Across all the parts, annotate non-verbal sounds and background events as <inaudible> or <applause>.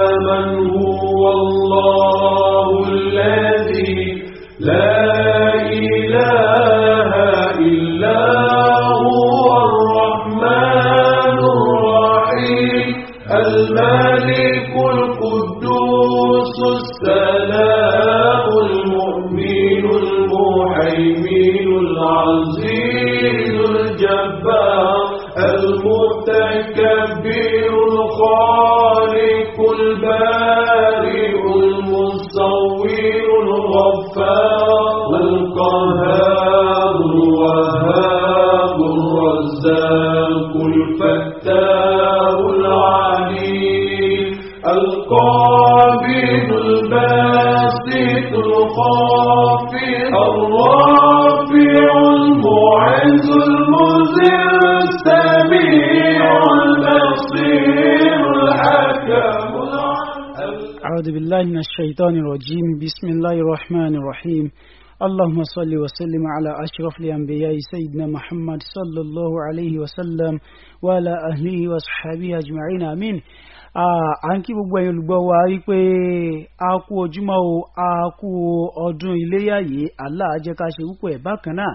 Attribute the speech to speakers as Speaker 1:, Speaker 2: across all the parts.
Speaker 1: من هو الله الذي لا
Speaker 2: بالله من الشيطان الرجيم بسم الله الرحمن الرحيم اللهم صل وسلم على أشرف الأنبياء سيدنا محمد صلى الله عليه وسلم وعلى أهله وصحبه أجمعين آمين à ń kí gbogbo ẹ̀yin olùgbọ́ wa rí pé a kú ojúmọ́ o a kú ọdún iléyà yìí Allah á jẹ́ ká ṣe púpọ̀ ẹ̀ bákan náà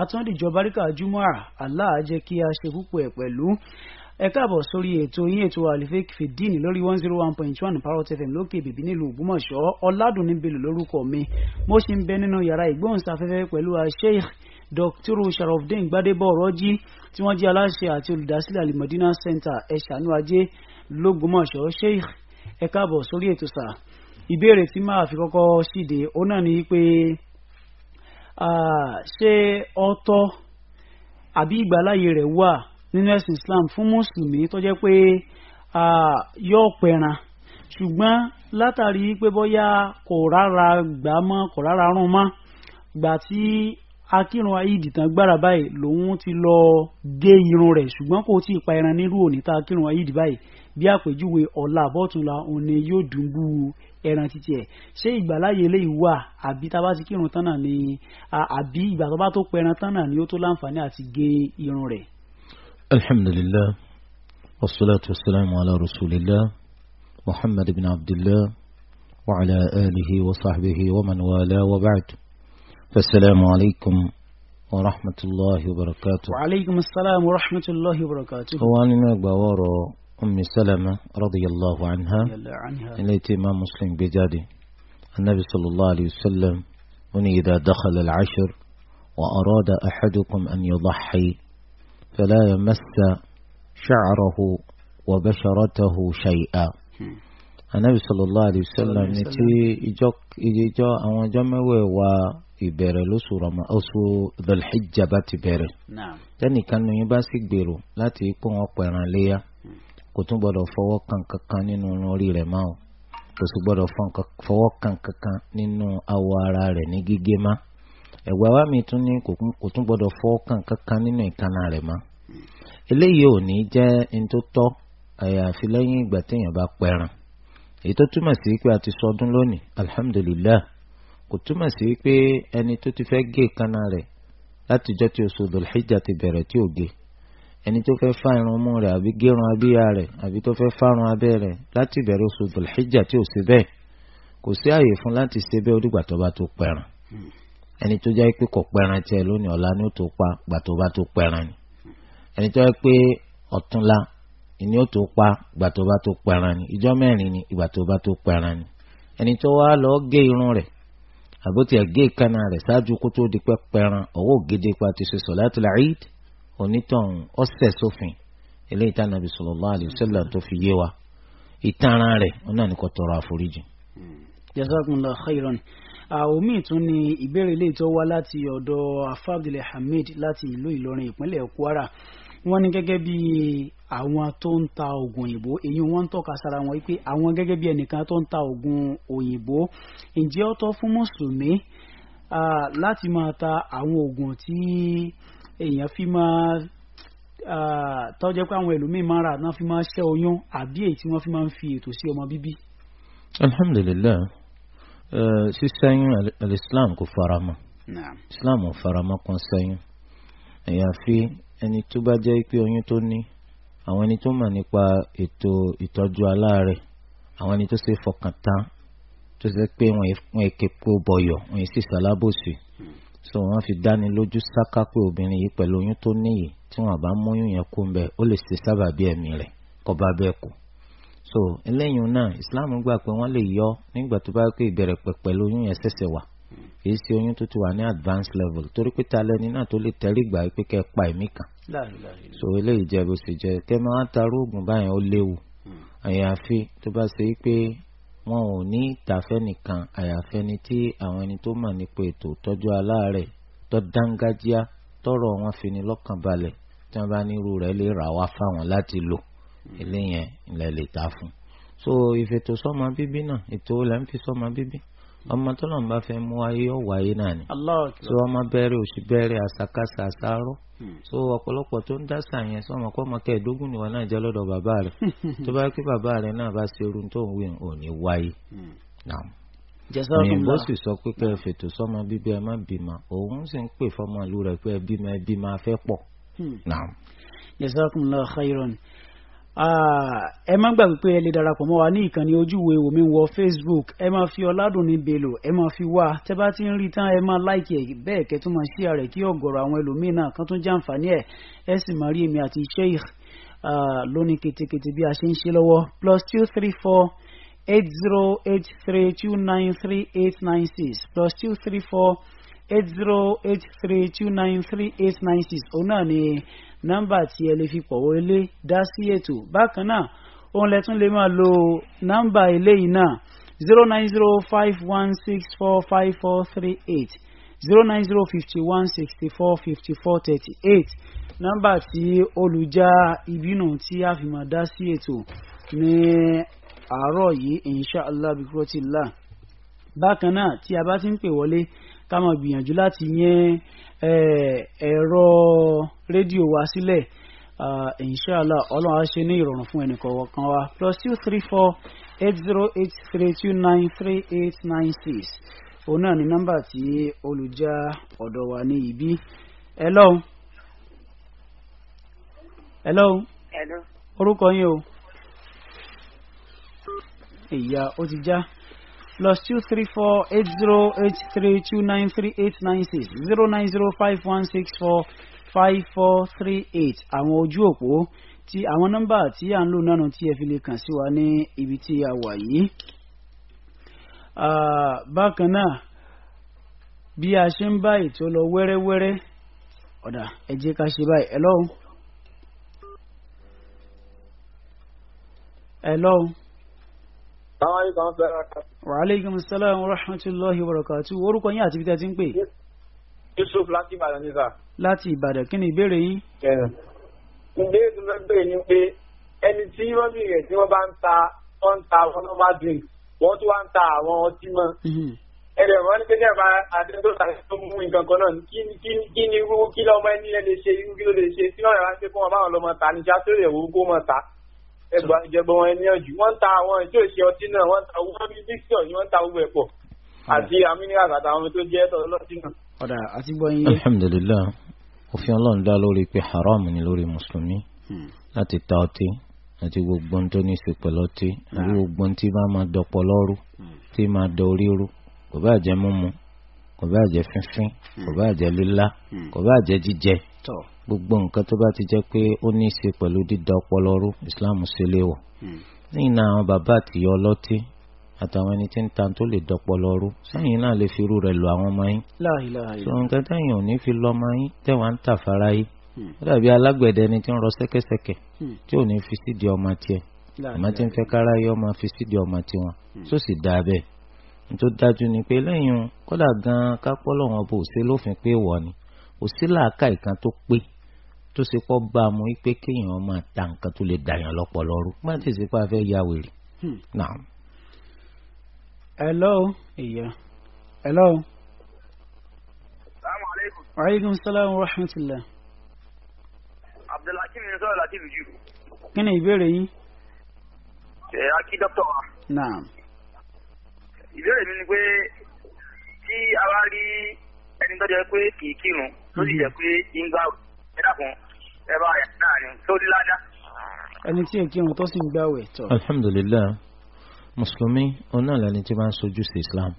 Speaker 2: àtúndìjọba ríkà júmọ́ àlá á jẹ́ kí a ṣe púpọ̀ ẹ̀ pẹ̀lú ẹ káàbọ̀ sórí ètò yín ètò àlìfẹ́ fìdíìnì lórí one zero one point one parrot fm lókè bèbí nílùú ògbómọ̀ṣọ́ ọ̀làdùnní bello lórúkọ mi mo ṣì ń bẹ nínú yàrá ìgbóhùnsáfẹ́fẹ́ pẹ̀lú sheikh dr sharafdin gbadebo ọrọ́jì tí wọ́n jẹ́ aláṣẹ àti olùdásílẹ̀ alimọ̀dínà center ẹ̀ṣánú ajé lógbómọ̀ṣọ́ sheikh ẹ káàbọ̀ sórí ètò sà ìbéèrè tí máa fi kọ́kọ́ síde òun náà ni pé ṣé ọ̀tọ̀ àbí ìgbàláyè rẹ̀ wà nínú ẹ̀sìn Islam fún mùsùlùmí tó jẹ́ pé yóò pẹran ṣùgbọ́n látàrí pé bóyá kò rárá gbà mọ́ kò rárá rún mọ́ gbà tí akírun ayídì tán gbára báyìí lòun ti lọ gé irun rẹ̀ ṣùgbọ́n kò tí ì pa ẹran nírú òní tá akírun ayídì báyìí bí àpèjúwe ọ̀la àbọ̀túnla òun ni yóò dùn bú ẹran títí ẹ̀ ṣé ìgbàláyè eléyìí wà àbí tá a bá ti kírun tán náà ni àbí ìgbà tó bá tó pẹran tán náà ni ó tó láǹfààní àti gé irun rẹ̀.
Speaker 3: الحمد لله والصلاة والسلام على رسول الله محمد بن عبد الله وعلى آله وصحبه ومن والاه وبعد فالسلام عليكم ورحمة الله وبركاته
Speaker 2: وعليكم السلام ورحمة الله وبركاته
Speaker 3: خواننا بوارو أم سلمة رضي الله عنها التي ما مسلم بجادي النبي صلى الله عليه وسلم من إذا دخل العشر وأراد أحدكم أن يضحي فلا يمس شعره وبشرته شيئا hmm. النبي صلى الله عليه وسلم ní ti ìjọ ìjọ àwọn ọjọ́ mẹ́wàá wa ìbẹ̀rẹ̀ lóṣù rọmọ oṣù dọlhijja bá ti bẹ̀rẹ̀ tẹnìkan ní yín bá sì gbèrò láti pọ wọn pẹran léyà kò tún gbọ́dọ̀ fọwọ́ kan kankan nínú orí rẹ̀ máa kò sì gbọ́dọ̀ fọwọ́ kan kankan nínú awọ ara rẹ̀ ní gígé má ẹgbẹ́ wa mi tún ní kò tún gbọ́dọ̀ fọwọ́ kan kankan nínú ìkànnà rẹ̀ máa eléyìí ò ní jẹ́ ní tó tọ́ àyàfi lẹ́yìn ìgbà téèyàn bá pẹran èyí tó túmọ̀ sí pé a ti sọdún lónìí alhamdulillah kò túmọ̀ sí pé ẹni tó ti fẹ́ gé kaná rẹ̀ látijọ́ tí oṣù dòlhíjà ti bẹ̀rẹ̀ tí ò gé ẹni tó fẹ́ fá irun mú rẹ̀ àbí gérun abíyá rẹ̀ àbí tó fẹ́ fárun abẹ́ rẹ̀ láti bẹ̀rẹ̀ oṣù dòlhíjà tí ò sí bẹ́ẹ̀ kò sí àyè fún láti ṣe bẹ́ẹ̀ onígbà tó bá tó pẹran hmm. ẹni tó jẹ́ pé kò pẹran tiẹ̀ lónìí ọ̀la ni ó tó pa gbà tó bá ni ẹni tó yẹ pé ọ̀túnla ìní ó tó pa ìgbà tó bá tó pẹran ni ìjọ mẹ́rin ni ìgbà tó bá tó pẹran ni ẹni tó wá lọ gé irun rẹ̀ àbótí ẹ̀ gé ìkànnà rẹ̀ ṣáájú kó tó di pẹ́ pẹran ọwọ́ ògidì pa ti ṣe sọ̀láàtìlá eid onítọ̀hún ọ̀sẹ̀ sófin eléyìí tá nàbì sallallahu alaihi wasallam tó fi yé wa ìtara rẹ̀ ọ̀nà ni kò tọrọ àforíjì.
Speaker 2: jazakumullahu khairan omi tún ni ìbéèrè ilé ìtọ́wá láti ọ̀dọ̀ afa Abdulhamid láti ìlú Ìlọrin ìpínlẹ̀ Kwara wọ́n ní gẹ́gẹ́ bí àwọn tó ń ta oògùn òyìnbó èyí wọ́n ń tọ́ka sára wọn wípé àwọn gẹ́gẹ́ bí ẹnìkan tó ń ta oògùn òyìnbó ǹjẹ́ ó tọ́ fún mùsùlùmí láti máa ta àwọn oògùn tí èèyàn fi máa tó jẹ́ pé àwọn ẹlòmíì máa rà náà fi máa ṣẹ́ oyún àbí èyí tí wọ́n fi máa ń fi ètò sí ọmọ bíbí.
Speaker 3: alhamdulilayi sísẹ́yún alislam kò faramọ́ islam ò faramọ́ kan sẹ́yún àyàfi ẹni tó bá jẹ́ pé oyún tó ní àwọn ẹni tó mọ̀ nípa ètò ìtọ́jú aláàárẹ̀ àwọn ẹni tó ṣe fọkàn tán tó ṣe pé wọ́n èké pé ó bọ̀yọ̀ wọ́n èsì sálábòsì so wọ́n fi dáni lójú sáká pé obìnrin yìí pẹ̀lú oyún tó níyì tí wọ́n bá móyún yẹn kú mbẹ́ ó lè ṣe sábàbí ẹ̀mí rẹ̀ kọ́ bá bẹ́ẹ̀ kú so eléyìí náà Islam gbà pé wọ́n lè yọ nígbà tó bá pé ìbẹ̀rẹ̀ pẹ̀pẹ̀ lóyún yẹn ṣẹ̀ṣẹ̀ wà kì í ṣe oyún tó ti wà ní advanced level torí pé ta lẹni náà tó lè tẹrí gbà pé kẹ́ ẹ pa ẹ̀mí kan so eléyìí jẹ́ bó ṣe jẹ́ kẹ́ máa tarú oògùn báyẹn ó léwu hmm. àyàfi tó bá ṣe pé wọn ò ní ìtafẹ́ nìkan àyàfẹ́ ni tí àwọn ẹni tó mọ̀ nípa ètò tọ́jú aláàárẹ̀ tó dángájíá tọrọ wọn fi ni lọ́kàn balẹ̀ tí wọ́n bá nírú rẹ̀ lè rà wá fáwọn láti lò hmm. eléyẹn ilẹ̀ lè ta fún so ìfètò sọ́mọ bíbí náà ètò olè ń fi sọ́mọ bíbí ọmọ tó lọ́n bá fẹ́ mú wáyé yóò wáyé náà ni so ọmọ bẹ́ẹ̀rẹ̀ òsì bẹ́ẹ̀rẹ̀ àṣàkáṣà àṣàárọ̀ hmm. so ọ̀pọ̀lọpọ̀ tó ń dáṣà yẹn sọ ọmọ kọ́ ọmọ kẹẹ̀ẹ́dógún ni wọn náà jẹ́ lọ́dọ̀ bàbá rẹ̀
Speaker 4: <laughs>
Speaker 2: tó
Speaker 3: bá pé bàbá rẹ̀ náà bá ṣe irun tó ń wí ò ní wáyé hmm. náà òyìnbó sì sọ pé kẹ́ ẹ fètò sọ́mọ bíbí ẹ má bímọ òun sì ń pè fọ́mọ ìlú rẹ̀ pé ẹ bímọ ẹ bímọ afẹ́ pọ̀
Speaker 2: hmm. náà. jazakumullahu khairan. Ah, ẹ má gbàgbé pé ẹ lè darapọ̀ mọ́ wa ní ìkànnì ojúwe omi wọ facebook ẹ máa fi ọ̀làdùnní belò ẹ máa fi wá tẹ bá ti ń rí tán ẹ máa láìkì ẹ bẹ́ẹ̀ kẹ́ tó máa ṣíà rẹ̀ kí ọ̀gọ̀rọ̀ àwọn ẹlòmíín náà kan tún jàǹfààní ẹ̀ ẹ sì máa rí èmi àti sheikh ah, lónìí ketekete bí a ṣe ń ṣe lọ́wọ́ plus two three four eight zero eight three two nine three eight nine six plus two three four eight zero eight three two nine three eight nine six òun náà ni nọ́mbà tí ẹ lè fi pọ̀wọ́ ilé dá sí ètò bákan náà òun lẹ lè máa lo nọ́mbà ilé yìí náà zero nine zero five one six four five four three eight zero nine zero fifty one sixty four fifty four thirty eight nọ́mbà tí olùjà ìbínú tí a fi máa dá sí ètò ní àárọ̀ yìí insha bí kúrò ti là bákan náà tí a bá ti ń pè wọlé ká máa gbìyànjú láti yẹn eh, ẹ̀rọ rédíò wa sílẹ̀ ah, inshallah ọlọ́run á ní ìrọ̀rùn fún ẹnì kọ̀ọ̀kan wa plus two three four eight zero eight three two nine three eight nine six òun náà ni nọ́mbà tí olùjá ọ̀dọ̀ wa ní ibí. hello. hello. hello. orúkọ yín o. ìyá ó ti já plus two three four eight zero eight three two nine three eight nine six zero nine zero five one six four five four three eight àwọn ojú òpó tí àwọn nọ́mbà tí à ń lò náà tí ẹ fi lè kàn sí wa ní ibi tí a wà yìí. bákan náà bí a ṣe ń bá ètò lọ wẹ́rẹ́wẹ́rẹ́ ọ̀dà ẹ jẹ́ ká ṣe báyìí ẹ lọ́hùn. ẹ lọ́hùn
Speaker 1: wàhálẹ́gùn
Speaker 2: sálàmù rahmatulahi wabarakatu orúkọ yín àti bíta ti ń pè.
Speaker 1: yusuf láti ìbàdàn ní sà.
Speaker 2: láti ìbàdàn kí ni ìbéèrè yín.
Speaker 1: ìbéèrè tó fẹ́ bẹ̀rẹ̀ ni pé ẹni tí wọ́n bí rẹ̀ tí wọ́n bá ń ta wọ́n ń ta ọlọ́ba drink wọ́n tún wá ń ta àwọn ọtí mọ́. Mm-hmm. ẹ̀rẹ̀ wọ́n ní pé kẹ́ẹ̀ bá àdéhùn tó mú nǹkan kan náà kí ni irú kí lọ́mọ ẹni lè ṣe irú kí ló lè ṣe tí ẹgbà ìjọba wọn ẹni ọjù wọn ń ta àwọn ètò ìṣe ọtí náà wọn ń ta wọn bí victor ni wọn ń ta gbogbo ẹ̀pọ̀ àti amíníràs àtàwọn tó jẹ́ tọ̀dọ̀ lọ́tí náà. ọ̀dà
Speaker 2: àti gbọ́yìn.
Speaker 3: alhamdulillah òfin ọlọ́run dá lórí pé haram ni lórí mùsùlùmí hmm. láti ta ọtí àti gbogbo ohun tó ní í ṣe pẹ̀lú ọtí àti hmm. gbogbo ohun tí máa máa dọpọ̀ lọ́rù hmm. tí máa dọ orí rú kò bá jẹ́ mímu kò bá jẹ́ fínfín kò bá jẹ́ lílá kò bá jẹ́ jíjẹ tọ. gbogbo nǹkan tó bá ti jẹ́ pé ó ní í ṣe pẹ̀lú dídá ọpọlọ rú islam ṣe lé wọ̀. Hmm. lẹ́yìn náà àwọn bàbá àtìyọ ọlọ́tí àtàwọn ẹni tí ń tan tó lè dọpọlọ rú sẹ́yìn náà lè fi irú rẹ̀ lọ àwọn ọmọ yín. sọ nǹkan tẹ́yìn ò ní fi lọ ọmọ yín tẹ́wàá ń tà fara yín. Hmm. ó dàbí alágbẹ̀dẹ ẹni tí ń rọ ṣẹ́kẹ́ṣẹkẹ̀ hmm. tí ò ní fi sídìí ọmọ tiẹ̀ àmọ́ tí ń fẹ́ kára yọ ọmọ fi sídìí ọmọ tiwọn tó sì dáa bẹ́ẹ̀. nítorí dájú ni pé lẹ́yìn kódà gan-an kápọ́ lọ́wọ́n bò ṣe lófin pé wọ̀ ni ò sí làákà ìkan tó pé tó ṣe pọ́ bá a mú pé kéèyàn máa ta nǹkan tó lè dàyàn lọ́pọ̀lọ́ rú má ti sèpá fẹ́ ya wèrè.
Speaker 2: Hmm. hello ìyá hello.
Speaker 1: salaamaleykum.
Speaker 2: waaleykum salaam wa rahmatulah.
Speaker 1: abdulhakeem ni sọ́yọ̀ láti ìlú jù.
Speaker 2: kí ni ìbéèrè yín.
Speaker 1: ṣe é akí dókítà wa. naam. ìbéèrè mi ni pé tí a bá rí ẹni tó jẹ pé kì í kírun tó sì jẹ́ pé ìgbà ẹ̀dá kan ẹ bá yà láàrin tó ládá.
Speaker 2: ẹni tí èké wọn tó sì ń gbàwẹ̀ tọ.
Speaker 3: alhamdulilayi mùsùlùmí ọ̀nà àlàní tí wọ́n ń sojú islam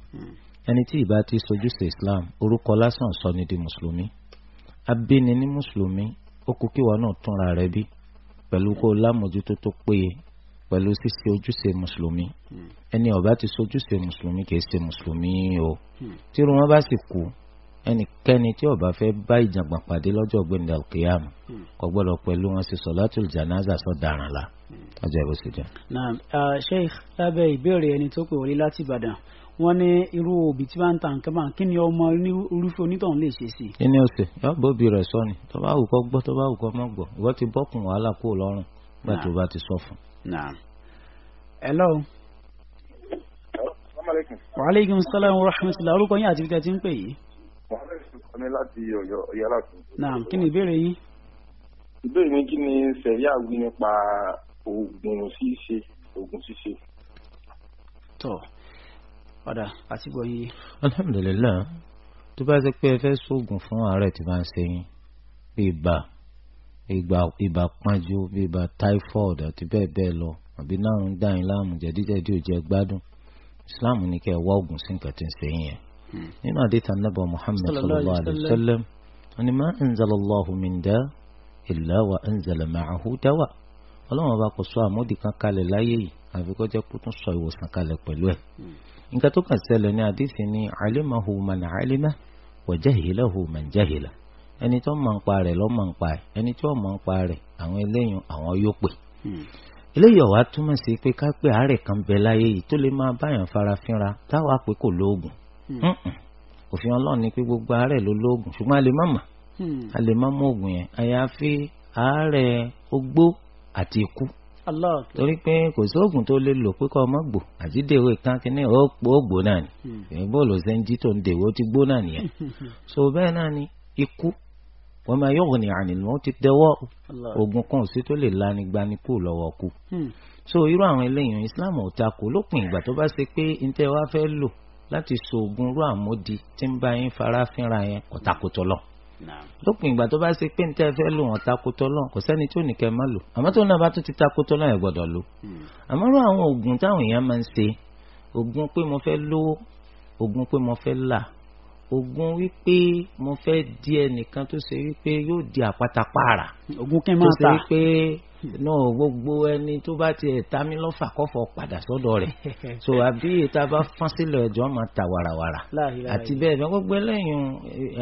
Speaker 3: ẹni tí ìbá ti sojú sí islam orúkọ lásán sọ ni di mùsùlùmí abíni ní mùsùlùmí ó kú kí wọn náà túnra rẹ̀ bí pẹ̀lú kó lámòjútó tó péye pẹ̀lú ṣíṣe ojúṣe mùsùlùmí ẹni ó ti sojúṣe mùsùlùmí kì ṣe mùsùlùmí o hmm. tírú wọn bá sì kú ẹnikẹ́ni tí ó bá fẹ́ bá ìjàngbọ̀n pàdé lọ́jọ́ gbẹ̀ndẹ̀ alkiyama hmm. kò gbọ́dọ̀ pẹ̀lú wọn ṣe sọ̀látù janaza sọ̀daràn la hmm. ọjọ́ ìbò sì jẹ́.
Speaker 2: naam sheikh lábẹ́ ìbéèrè ẹni tó pè wọlé láti ìbàdàn wọ́n ní irú òbí tí wọ́n ń ta nǹkan máa kí ni ọmọ irúfẹ́ onítọ̀hún lè ṣe sí i. kí ni ó
Speaker 3: ṣe yọ bóbi rẹ sọ ni tó bá wù kó gbọ́ tó bá wù kó má gbọ́ ìwọ ti bọ́kùn wàhálà kúrò lọ́rùn nígbà tó bá ti sọ fún.
Speaker 2: naam hello. waaleykum salaam wa rahmatulah orúkọ yín àti ibi ti ń pè yìí
Speaker 1: mohammed sultani láti Ọ̀yọ́ Ìyáláfin. naam kí ni ìbéèrè yín. ìbéèrè mi kí ni sẹ̀ríà wí nípa oògùn ṣíṣe oògùn ṣíṣe.
Speaker 3: tọ padà àtìgbọ yìí. alhamdulilayi tó bá ṣe pé ẹ fẹ́ sóògùn fún àárẹ̀ tí máa ń ṣe yín bí ibà ìgbà ibà pọ́njú ibà typhoid àti bẹ́ẹ̀ bẹ́ẹ̀ lọ àbí náà ń dá yín láàmú jẹ̀díjẹ̀dí ò jẹ́ gbádùn islam ní kẹ́ ẹ wá oògùn sí nǹkan tí ń ṣe yín yẹn nínú àdìtà nàbà Muhammad sallallahu alayhi wa sallam wọn ni ma anzalallahu min da illa wa anzala ma'ahu dawa ọlọ́run ọba kò sọ àmódi kan kalẹ̀ láyé yìí àfi kó jẹ́ kó tún sọ ìwòsàn kalẹ̀ pẹ̀lú ẹ̀. Hmm. nǹkan tó kàn ṣẹlẹ̀ ní àdìsí ni alimahu man alima wa jahilahu ẹni tó mọ̀ ń pa rẹ̀ ló ń pa ẹ̀ ẹni tó mọ̀ ń pa rẹ̀ àwọn eléyìn àwọn yóò pè. Hmm. eléyìí ọ̀wá túmọ̀ sí pé ká pé àárẹ̀ kan bẹ láyé yìí tó lè máa báyàn fara táwa pé kò lóògùn Hmm. òfin ọlọ́run ni pé gbogbo àárẹ̀ ló lóògùn ṣùgbọ́n a lè má mà hmm. a lè má mú oògùn yẹn àyàfi àárẹ̀ ogbó àti ikú torí pé kò sí oògùn tó lè lò pé kọ́ ọmọ gbò àti dèwé kan kí ní ògbó náà ni hmm. bọ́ọ̀lù ṣe ń jí tó ń dèwé ó ti gbó náà nìyẹn <laughs> so bẹ́ẹ̀ náà ni ikú wọ́n máa yọ̀gùn ní ànìlọ́ ti dẹ́wọ́ oògùn kan sí tó lè lani gbani kú lọ́wọ́ kú so irú àwọn eléyìí Islam ò takò lópin ìgbà tó bá ṣe pé ntẹ́ wa fẹ́ lò láti ṣoògùn rú àmódi tí ń bá yín fara fínra yẹn kò takòtò lọ. lópin ìgbà tó bá ṣe pé níta ẹ fẹ́ lò wọ́n takòtò lọ kò sẹ́ni tó ní kẹ́ má lò àmọ́ tó náà bá tún ti takòtò lọ ẹ̀ gbọ́dọ̀ lò. Hmm. àmọ́ rú àwọn oògùn táwọn èèyàn máa ń ṣe oògùn pé mo fẹ́ lówó oògùn pé mo fẹ́ là ogun wípé mo fẹ́ di ẹnìkan tó ṣe wípé yóò di àpáta pààrà. ogun kí n máa ta tó ṣe wípé náà gbogbo ẹni tó bá tiẹ̀ ta mí lọ́fà kọ́fọ́ padà sọ́dọ̀ rẹ̀ <laughs> so àbí ìta bá fọ́n sílẹ̀ ẹ̀jọ́ máa ta wàràwàrà àti bẹ́ẹ̀ bẹ́ẹ̀ gbogbo ẹlẹ́yìn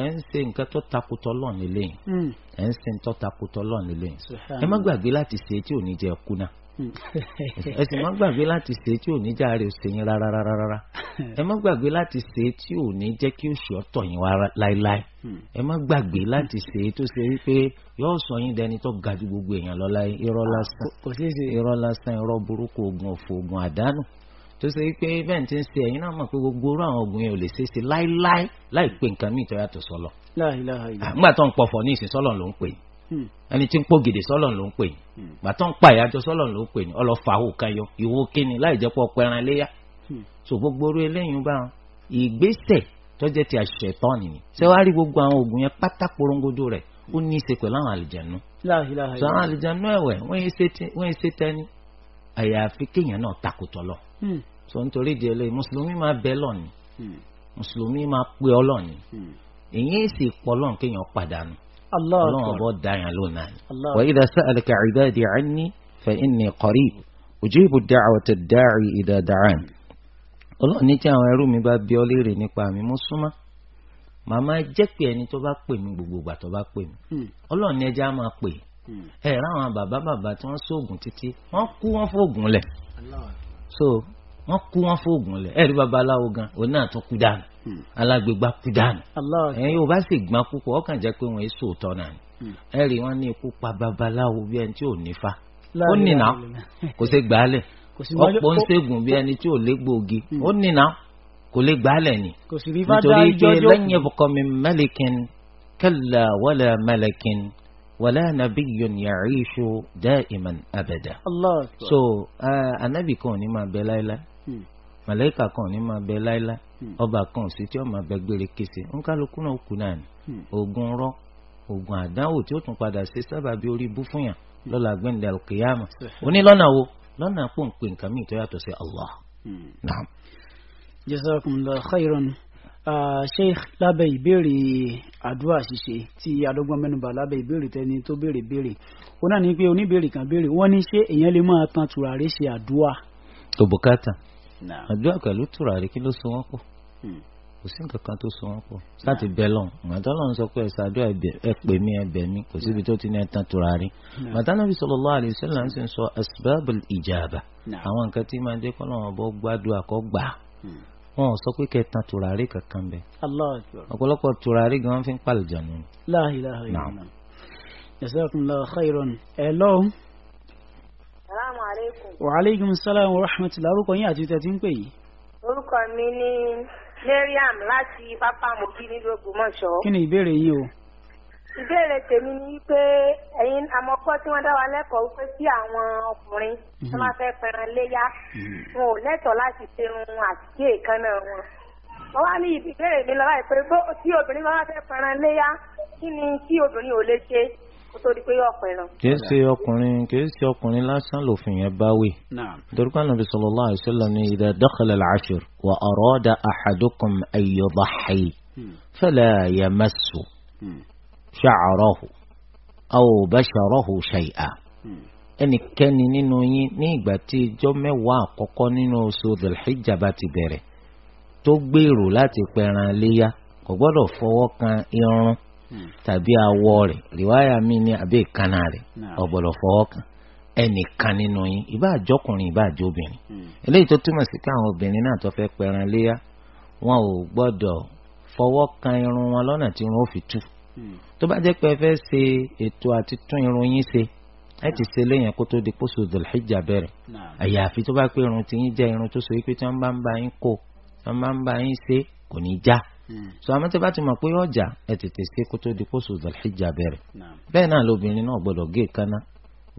Speaker 3: ẹ̀ ń ṣe nǹkan tó takùtọ̀ lọ́ọ̀nì lẹ́yìn hmm. ẹ̀ ń ṣe nǹkan tó takùtọ̀ lọ́ọ̀nì lẹ́yìn ẹ má gbàgbé láti ṣe tí ò ní jẹ́ kú
Speaker 4: ẹ sì má
Speaker 3: gbàgbé láti ṣe tí ò ní já ṣe yín rárá rárá rárá ẹ má gbàgbé láti ṣe tí ò ní jẹ́ kí oṣù ọ̀tọ̀ yín wá láéláé ẹ má gbàgbé láti ṣe tó ṣe wípé yóò sọ yín dẹni tó ga ju gbogbo èèyàn lọ láyé irọ́ lásán irọ́ lásán irọ́ burúkú oògùn òfò oògùn àdánù tó ṣe wípé bẹ́ẹ̀ ti ń ṣe ẹ̀yin náà mọ̀ pé gbogbo orú àwọn oògùn yẹn ò lè ṣe ṣe láéláé láì pé nǹkan míì Hmm. ẹni tí ń pò gèdè sọlọ ló ń pè ní hmm. gbàtọ́ ń pa ìyájọ sọlọ ló ń pè ní ọlọ́fà òkan yọ ìwo kíni láì jẹ́ pọ̀ pẹran léyà hmm. so gbogbo orú eléyìí bá wọn ìgbésẹ̀ tọ́jẹ́ ti àṣẹ tán nìyí ṣé wàá rí gbogbo àwọn oògùn yẹn pátá porongodo rẹ̀ ó ní í ṣe pẹ̀lú àwọn àlìjẹ̀nu so àwọn àlìjẹ̀nu ẹ̀wẹ̀ wọ́n ṣe tẹ́ni àyàfi kéèyàn náà takùtọ̀ lọ so nítorí ìdí ẹlẹ́yìn mùsùlùmí máa bẹ lọ́ọ̀ni mùsùlùmí máa pe ọlọ́ọ̀ni èyí èsì pọ̀ lọ́ọ̀n kéèyàn pàdánù ọlọ́run ọbọ̀ dáyàn lónà wa idha sa'alaka ibadi anni fa inni qarib ujibu da'wata da'i idha da'an ọlọ́run ní tí àwọn ẹrú mi bá bí ọ léèrè nípa mi mo súnmọ́ màmá jẹ́ pé ẹni tó bá pè mí gbogbo ìgbà tó bá pè mí hmm. ọlọ́run ní ẹjẹ́ á máa pè hmm. ẹ ráwọn bàbá bàbá tí wọ́n sóògùn títí wọ́n kú wọ́n fóògùn lẹ̀ so wọ́n kú wọ́n fóògùn lẹ̀ ẹ̀rí babaláwo gan òun náà tún kú dànù Hmm. alágbègbà kú dànù ẹ̀yin ò bá sì gbọ́n púpọ̀ ọkàn jẹ́ pé wọ́n yé sòótọ́ náà ni hmm. ẹ rí wọn ní ikú pa babaláwo bí ẹni tí ò nífa ó nìna kò ṣe gbàálẹ̀ ọ̀pọ̀ ń ṣègùn bí ẹni tí ò lé gbòógì hmm. ó nìna kò lè gbàálẹ̀ ni nítorí pé lẹ́yìn ẹ̀bùkọ́ mi mẹ́lẹ̀kìn kalla wala mẹ́lẹ̀kìn wala nabiyyun ya'ishu da'iman abada. so anabi eh, kan ò ní máa bẹ láéláé màláìka kan ní máa bẹ láíláí hmm. ọba kan sí tí ó máa bẹ gbére kése nkálukú náà kú náà ni hmm. oògùn rọ oògùn àdánwò tí ó tún padà ṣe sábàbí orí bú fún yàn hmm. lọ́la gbẹ̀ndẹ̀ alkiyama oní lọ́nà wo lọ́nà pò ń pè nǹkan míì tó yàtọ̀ sí Allah. naam.
Speaker 2: jazakumullahu khairan sheikh lábẹ́ ìbéèrè adua ṣíṣe tí adọ́gbọ́n mẹ́nuba lábẹ́ ìbéèrè tẹni tó béèrè béèrè ó náà ní pé oníbéèrè kan béèrè wọ́n ní ṣé èèyàn lè máa tan tùràrí ṣe àdúrà.
Speaker 3: tó bùkátà àdúrà pẹ̀lú tùràrí kí ló so wọ́n pọ̀ hmm. kò sí nǹkan kan tó so wọ́n pọ̀ láti bẹ lọ́n màtá lọ́n sọ pé ẹ̀sà àdúrà ẹ pè mí ẹ bẹ̀ mí kò síbi tó ti ní ẹ̀tàn tùràrí màtá nàbí sallallahu alaihi wasallam ń sọ asbabul ijaba àwọn nǹkan tí máa dé kọ́ lọ́wọ́ bọ́ gbádùn àkọ́ gbà hmm. wọn ò sọ pé kẹtàn tùràrí kankan bẹ ọ̀pọ̀lọpọ̀ tùràrí gan fi ń pàlìjànù.
Speaker 2: la ilaha
Speaker 1: Salaamu aleykum. Wa
Speaker 2: aleykum salaam wa rahmatulah. Orúkọ yín àti tẹ̀ tí ń pè yìí.
Speaker 1: Orúkọ mi ni Mariam láti Pápámọ́kí nílùú Ògbómọ̀ṣọ́. Kí
Speaker 2: ni ìbéèrè yìí o?
Speaker 1: Ìbéèrè tèmi ni pé ẹ̀yin àmọ́kọ́ tí wọ́n dá wa lẹ́kọ̀ọ́ wípé sí àwọn ọkùnrin tó máa mhm. fẹ́ pẹran léyà. Mhm. Wọn ò lẹ́tọ̀ọ́ láti ṣerun àtìké ìkànnà wọn wọ́n wá ní ìbéèrè mi lọ́wọ́ ìpè bó tí obìnrin bá fẹ́ fẹ́ràn léyà kí ni tí obìnrin ò lè ṣe kìí ṣe
Speaker 3: ọkùnrin kìí ṣe ọkùnrin lásán lòfin yẹn bá wí. torí pé Ànábì sallallahu alaihi wasallam ní idha dakhala al-ashr wa arada ahadukum an yudahhi fala yamassu hmm. sha'rahu aw basharahu shay'a. Hmm. ẹnikẹ́ni nínú yín ní ìgbà tí ijọ́ mẹ́wàá àkọ́kọ́ nínú oṣù Dhul-Hijjah ti bẹ̀rẹ̀ tó gbèrò láti pẹran léyà kò gbọ́dọ̀ fọwọ́ kan irun Hmm. tàbí awọ rẹ̀ rìwáyà mi ni àbí ìkànnà rẹ̀ ọ̀gbọ̀dọ̀ fọwọ́ kan ẹnìkan nínú yín ìbá àjọkùnrin ìbá àjọbìnrin hmm. eléyìí tó túmọ̀ sí káwọn obìnrin náà tó fẹ́ pẹran léyà wọn ò gbọ́dọ̀ fọwọ́ kan irun wọn lọ́nà tí irun ó fi tú hmm. tó bá jẹ́ pé ẹ fẹ́ ṣe ètò àti tún irun yín ṣe ẹ ti ṣe lẹ́yìn kó tó di kóso dòlhíjà bẹ̀rẹ̀ àyàfi tó bá pé irun ti yín jẹ́ irun tó so yí pé tí wọ́n bá ń bá yín kó tí wọ́n bá ń bá yín ṣe kò ní já. Hmm. so àmọ́ tẹ́ bá ti mọ̀ pé ọjà ẹ tètè ṣe kó tó di kóso zalhijja bẹ̀rẹ̀ bẹ́ẹ̀ náà lóbìnrin náà gbọ́dọ̀ gé kaná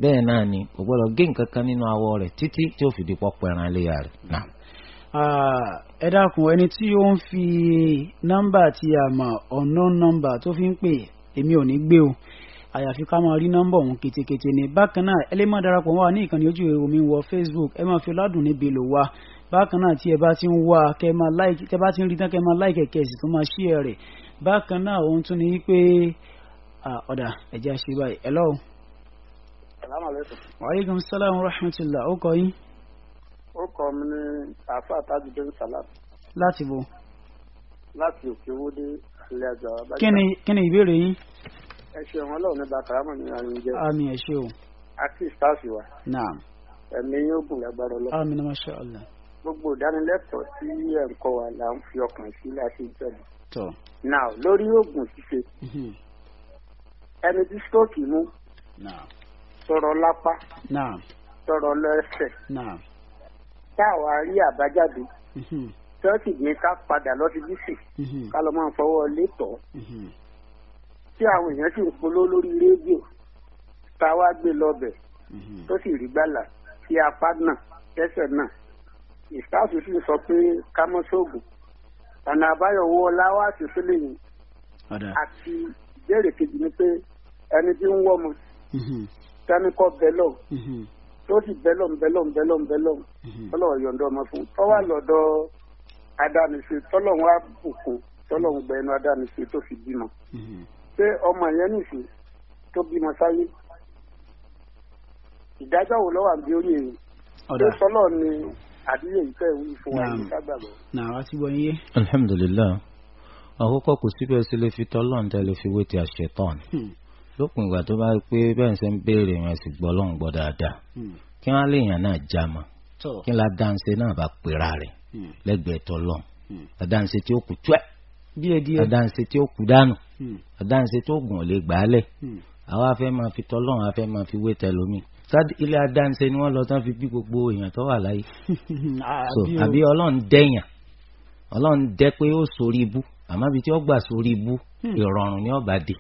Speaker 3: bẹ́ẹ̀ náà ni kò gbọ́dọ̀ gé nǹkan kan nínú awọ rẹ̀ títí tí ó fi di pọ́ pẹran léyà rẹ̀ náà
Speaker 2: ah, ẹ dákun ẹni tí ó ń fi nọ́mbà tí a mọ̀ ọ̀nà nọ́mbà tó fi ń pè èmi ò ní gbé o àyàfi ká máa rí nọ́mbà òun ketekete ni bákan náà ẹ lè má darapọ̀ wá ní ìkànnì ojú omi wọ Facebook ẹ máa fi ọládùn níbi lò wá bákan náà tí ẹ bá ti ń wá kẹ máa like tẹ bá ti ń rí tán kẹ máa like kẹ sì tó máa share rẹ̀ bákan náà òun tún ní pé ọ̀dà ẹ̀jẹ̀ ṣe báyìí ẹ̀ lọ́wọ́. salaamaleykum. waaleykum salaam wa rahmatulah ó kọ yín.
Speaker 1: ó kọ mi ní àáfàá tajudeen salam. láti bo. láti òkè owó dé ilé ẹjọ abájá. kí ni
Speaker 2: kí ni ìbéèrè yín.
Speaker 1: ẹ ṣeun ọlọ́run nípa karamọ ní àrùn jẹ. àmì ẹ ṣe o. àti ìsáàsì wa. naam. ẹ̀mí yóò gùn lágbára lọ. àmì
Speaker 4: ni masha allah
Speaker 1: gbogbo ìdánilẹ́kọ̀ọ́ sí ẹ̀kọ́ wa là ń fi ọkàn sí láti ìjọba. now lórí oògùn ṣíṣe mhm. ẹni tí stroke mú sọ̀rọ̀ lápá sọ̀rọ̀ lẹ́sẹ̀ táwa rí àbájáde mhm. tọ́sì ní ká padà lọ sí bísì mhm. ká lọ máa fọwọ́ létọ́ tí àwọn èèyàn sì ń polówó lórí rédíò táwa gbé lọ bẹ̀ tó sì rí gbàlà sí apá náà tẹ́sẹ̀ náà ìsáàsì sì sọ pé ká mọ́ sóògùn ọ̀nà àbáyọ owó ọlá wá sí sílẹ̀ yìí àti ìbéèrè kejì ni pé ẹni tí ń wọ́ mu mm-hmm. tẹ́ni kọ́ bẹ́lọ̀ mm-hmm. tó sì bẹ́lọ̀ bẹ́lọ̀ bẹ́lọ̀ bẹ́lọ̀ tọ́lọ̀ mm-hmm. yọ̀ǹdọ̀ ọmọ fún tọ́wà lọ́dọ̀ adánisí tọ́lọ̀ wá bùkún tọ́lọ̀ ń gbẹ́nu adánisí tó fi bímọ pé ọmọ yẹn nìsí tó bímọ sáyé ìdájọ́ wo lọ́wọ́ àbí oyè yìí tó sọ́lọ́ ni àbí èyí tẹ̀ wí fún wa yìí sábàbọ̀.
Speaker 2: nàá ti wọ iye.
Speaker 3: alhamdulilayi àkókò kò síbẹ̀ sí lè fi tọ́lọ́n tẹ́ lè fi wé ti àṣetán hmm. lópin ìgbà tó bá rí pé bẹ́ẹ̀ ṣe ń béèrè yẹn sì gbọ́ lọ́n gbọ́ dáadáa hmm. kí wọ́n lè yàn náà já mọ́ kí la dáǹsẹ̀ náà bá pera rẹ̀ hmm. lẹ́gbẹ̀ẹ́ tọ́lọ́n àdáǹsẹ̀ tí ó kù tíwẹ́ àdáǹsẹ̀ tí ó kù dànù àdáǹsẹ̀ tí gùn ò lè gbà àwa fẹ́ máa fi tọ́lọ́n a fẹ́ máa fi wé tẹlómi sáàdì ilé adáǹsẹ ni wọ́n lọ tán fi bí gbogbo èèyàn tó wà láyé
Speaker 4: <laughs> ah,
Speaker 2: so àbí
Speaker 3: ọlọ́run dẹ̀yàn ọlọ́run dẹ́ pé ó sórí ibú àmọ́ ibi tí ó gbà sórí ibú hmm. ìrọ̀rùn ni ó bá dé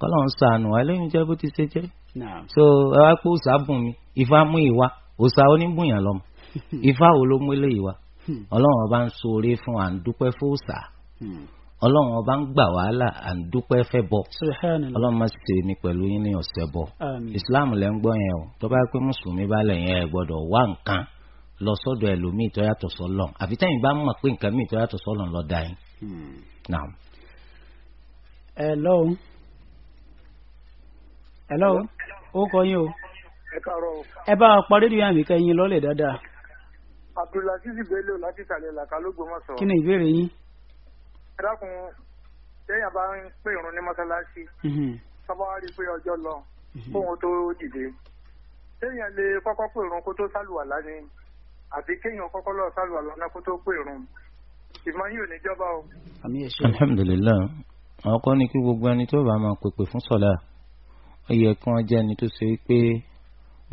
Speaker 3: kọ́lọ́run sànù ẹlẹ́yin jẹ́ bó ti ṣe jẹ́ so ẹ wá pé òòsà bùn mi ifá mú ìwà òòsà oníbùnyàn lọ́mọ <laughs> ifá wo ló mú eléyìí wá hmm. ọlọ́run ọba ń sọ oore fún à ń dúpẹ́ ọlọ́run ọba ń gbà wàhálà là fẹ́ bọ̀ ọlọ́run ṣe ni pẹ̀lú yín ní ọ̀sẹ̀ islam lẹ́ ń gbọ́ yẹn o tó bá pé mùsùlùmí bá lẹ̀ yẹn ẹ̀ gbọ́dọ̀ lọ sọ́dọ̀ ẹlòmíì tó yàtọ̀ sọ́lọ̀ àfi tẹ́yìn bá mọ̀ pé nǹkan sọ́lọ̀ lọ da
Speaker 4: yín.
Speaker 1: ẹ bá
Speaker 2: a parí rí àmì kẹyìn lọ́lẹ̀ dáadáa.
Speaker 1: dákun lẹ́yìn bá ń pè irun ní mọ́sálásí sábà mhm. rí pé ọjọ́ lọ mhm. kóhun tó dìde lẹ́yìn lè kọ́kọ́ pè irun kó tó sálùwàlá ni àbí kéèyàn kọ́kọ́ lọ sálùwàlá náà kó tó pè irun ìmọ̀ yìí ò ní jọba o.
Speaker 3: alhamdulilayi àwọn kan kí gbogbo ẹni tó bá máa pèpè fún sọlá ó kí wọn jẹ ẹni tó ṣe pé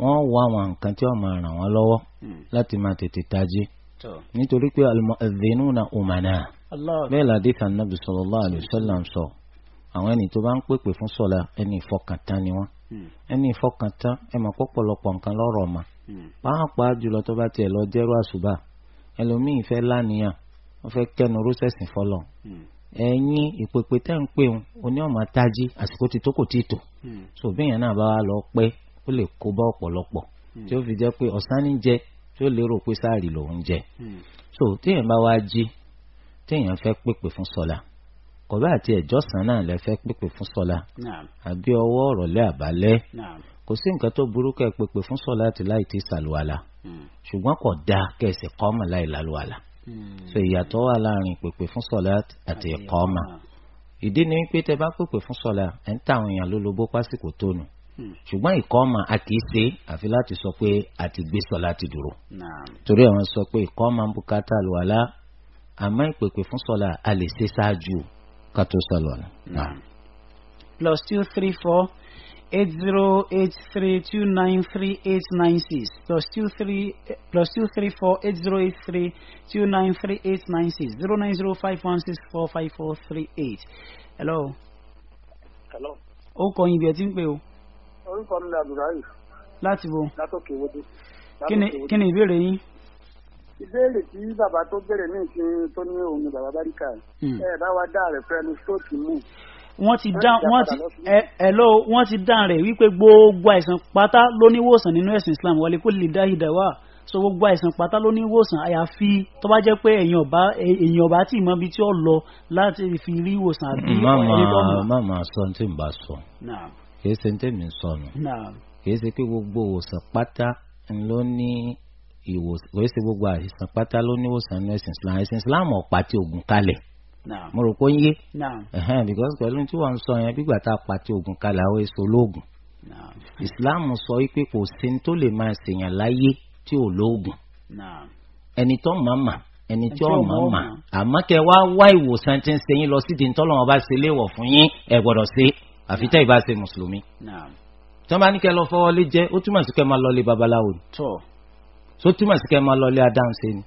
Speaker 3: wọn wọ àwọn nǹkan tí wọn máa ràn wọn lọ́wọ́ hmm. láti máa tètè tají nítorí pé al-mu'adhdhinuna umana bẹ́ẹ̀ làdí kan nàbì sallallahu alaihi wasallam sọ àwọn ẹni tó bá ń pèpè fún sọlá ẹni ìfọkàntán ni wọn hmm. ẹni ìfọkàntán ẹ mà kó pọ̀lọpọ̀ nǹkan lọ́rọ̀ mà hmm. pàápàá jùlọ tó bá tiẹ̀ lọ jẹ́rú àṣùbà ẹlòmíì fẹ́ lánìyàn wọ́n fẹ́ kẹnu rọ́sẹ̀sì fọlọ hmm. ẹ̀yin ìpèpè tẹ́ ń pè wọn oní ọmọ tají àsìkò ti tó kò tí tò so bẹ́ẹ̀ náà bá lọ pẹ́ ó lè kó bá ọ̀pọ̀lọpọ̀ tí ó fi jẹ́ pé ọ̀sán ní jẹ tí ó lérò pé sáàrì lòún jẹ so téèyàn bá wá jí téèyàn fẹ́ pèpè fún sọ́la kọ̀bá àti ẹ̀jọ́sán náà lẹ fẹ́ pèpè fún sọ́la àbí ọwọ́ ọ̀rọ̀lẹ́ àbálẹ́ kò sí nǹkan tó burú kẹ́ ẹ pèpè fún sọ́la àti láì tí sàlùwàlà hmm. ṣùgbọ́n kò dáa kẹ́ ẹ sì kọ́mọ̀ láì lálùwàlà hmm. so ìyàtọ̀ wà láàrin pèpè fún sọ́la àti ìkọ́mọ̀ ìdí ni wípé tẹ bá pèpè fún sọ́la ẹ̀ ń ta àwọn èèyàn lólobó pásìkò tónu hmm. ṣùgbọ́n ìkọ́mà a kì í ṣe àfi láti sọ pé a gbé sọ láti dúró. torí àwọn sọ pé ìkọ́mà ń bùkátà àlùwàlá àmọ́ ìpèpè fún sọlá a lè ṣe ṣáájú ká tó sọlọ hmm. náà.
Speaker 2: plus two three four eight zero eight three two nine three eight nine six plus two three plus two three four eight zero eight three two nine three eight nine six zero nine zero five one six four five four three eight. hello. hello. ó kọ ibi ẹ ti ń pè o.
Speaker 1: orúkọ mi ni abdulrahim. láti bo. látòkè wọdé. kí ni ìbéèrè yín ìbéèrè tí bàbá tó bẹ̀rẹ̀ ní ìsìn tó ní òun bàbá Báríkà hmm. ẹ bá wa dá rẹ̀ pẹ̀lú stroke mú.
Speaker 2: wọ́n ti dá wọ́n ti ẹ̀lọ́ wọ́n ti dá rẹ̀ wípé gbogbo àìsàn pátá ló ní ìwòsàn nínú ẹ̀sìn Islam wàlẹ́ kó lè dá ìdá wà so gbogbo àìsàn pátá ló ní ìwòsàn àyàfi tó bá jẹ́ pé èèyàn ọba èèyàn ọba tí ìmọ̀ ibi tí ó lọ láti fi rí ìwòsàn àbí ẹni tó mọ̀.
Speaker 3: má máa sọ ní tí n ìwòsàn kò ṣe gbogbo àìsàn pátá ló ní ìwòsàn ní ẹ̀sìn islam ẹ̀sìn islam ọ̀pá tí oògùn kalẹ̀ mo rò pé ń yé because pẹ̀lú tí wọ́n ń sọ yẹn bí gbàtà ọ̀pá tí oògùn kalẹ̀ àwọn èso olóògùn islam sọ wípé kò sí ní tó lè máa ṣèyàn láyé tí ò lóògùn ẹni tó máa mà ẹni tí ó máa mà àmọ́ kẹ wá wá ìwòsàn tí ń ṣe yín lọ sídìí ní tọ́lọ́wọ́n bá ṣe léèwọ̀ fún yín ẹ gbọ́dọ̀ ṣe àfi tẹ́ ìbá ṣe mùsùlùmí tí wọ́n bá ní kẹ lọ fọwọ́ lé jẹ́ ó túmọ̀ sí kẹ máa lọ lé babaláwo so túmọ̀ sí kẹ́ ẹ máa lọ ilé adáhunṣe ni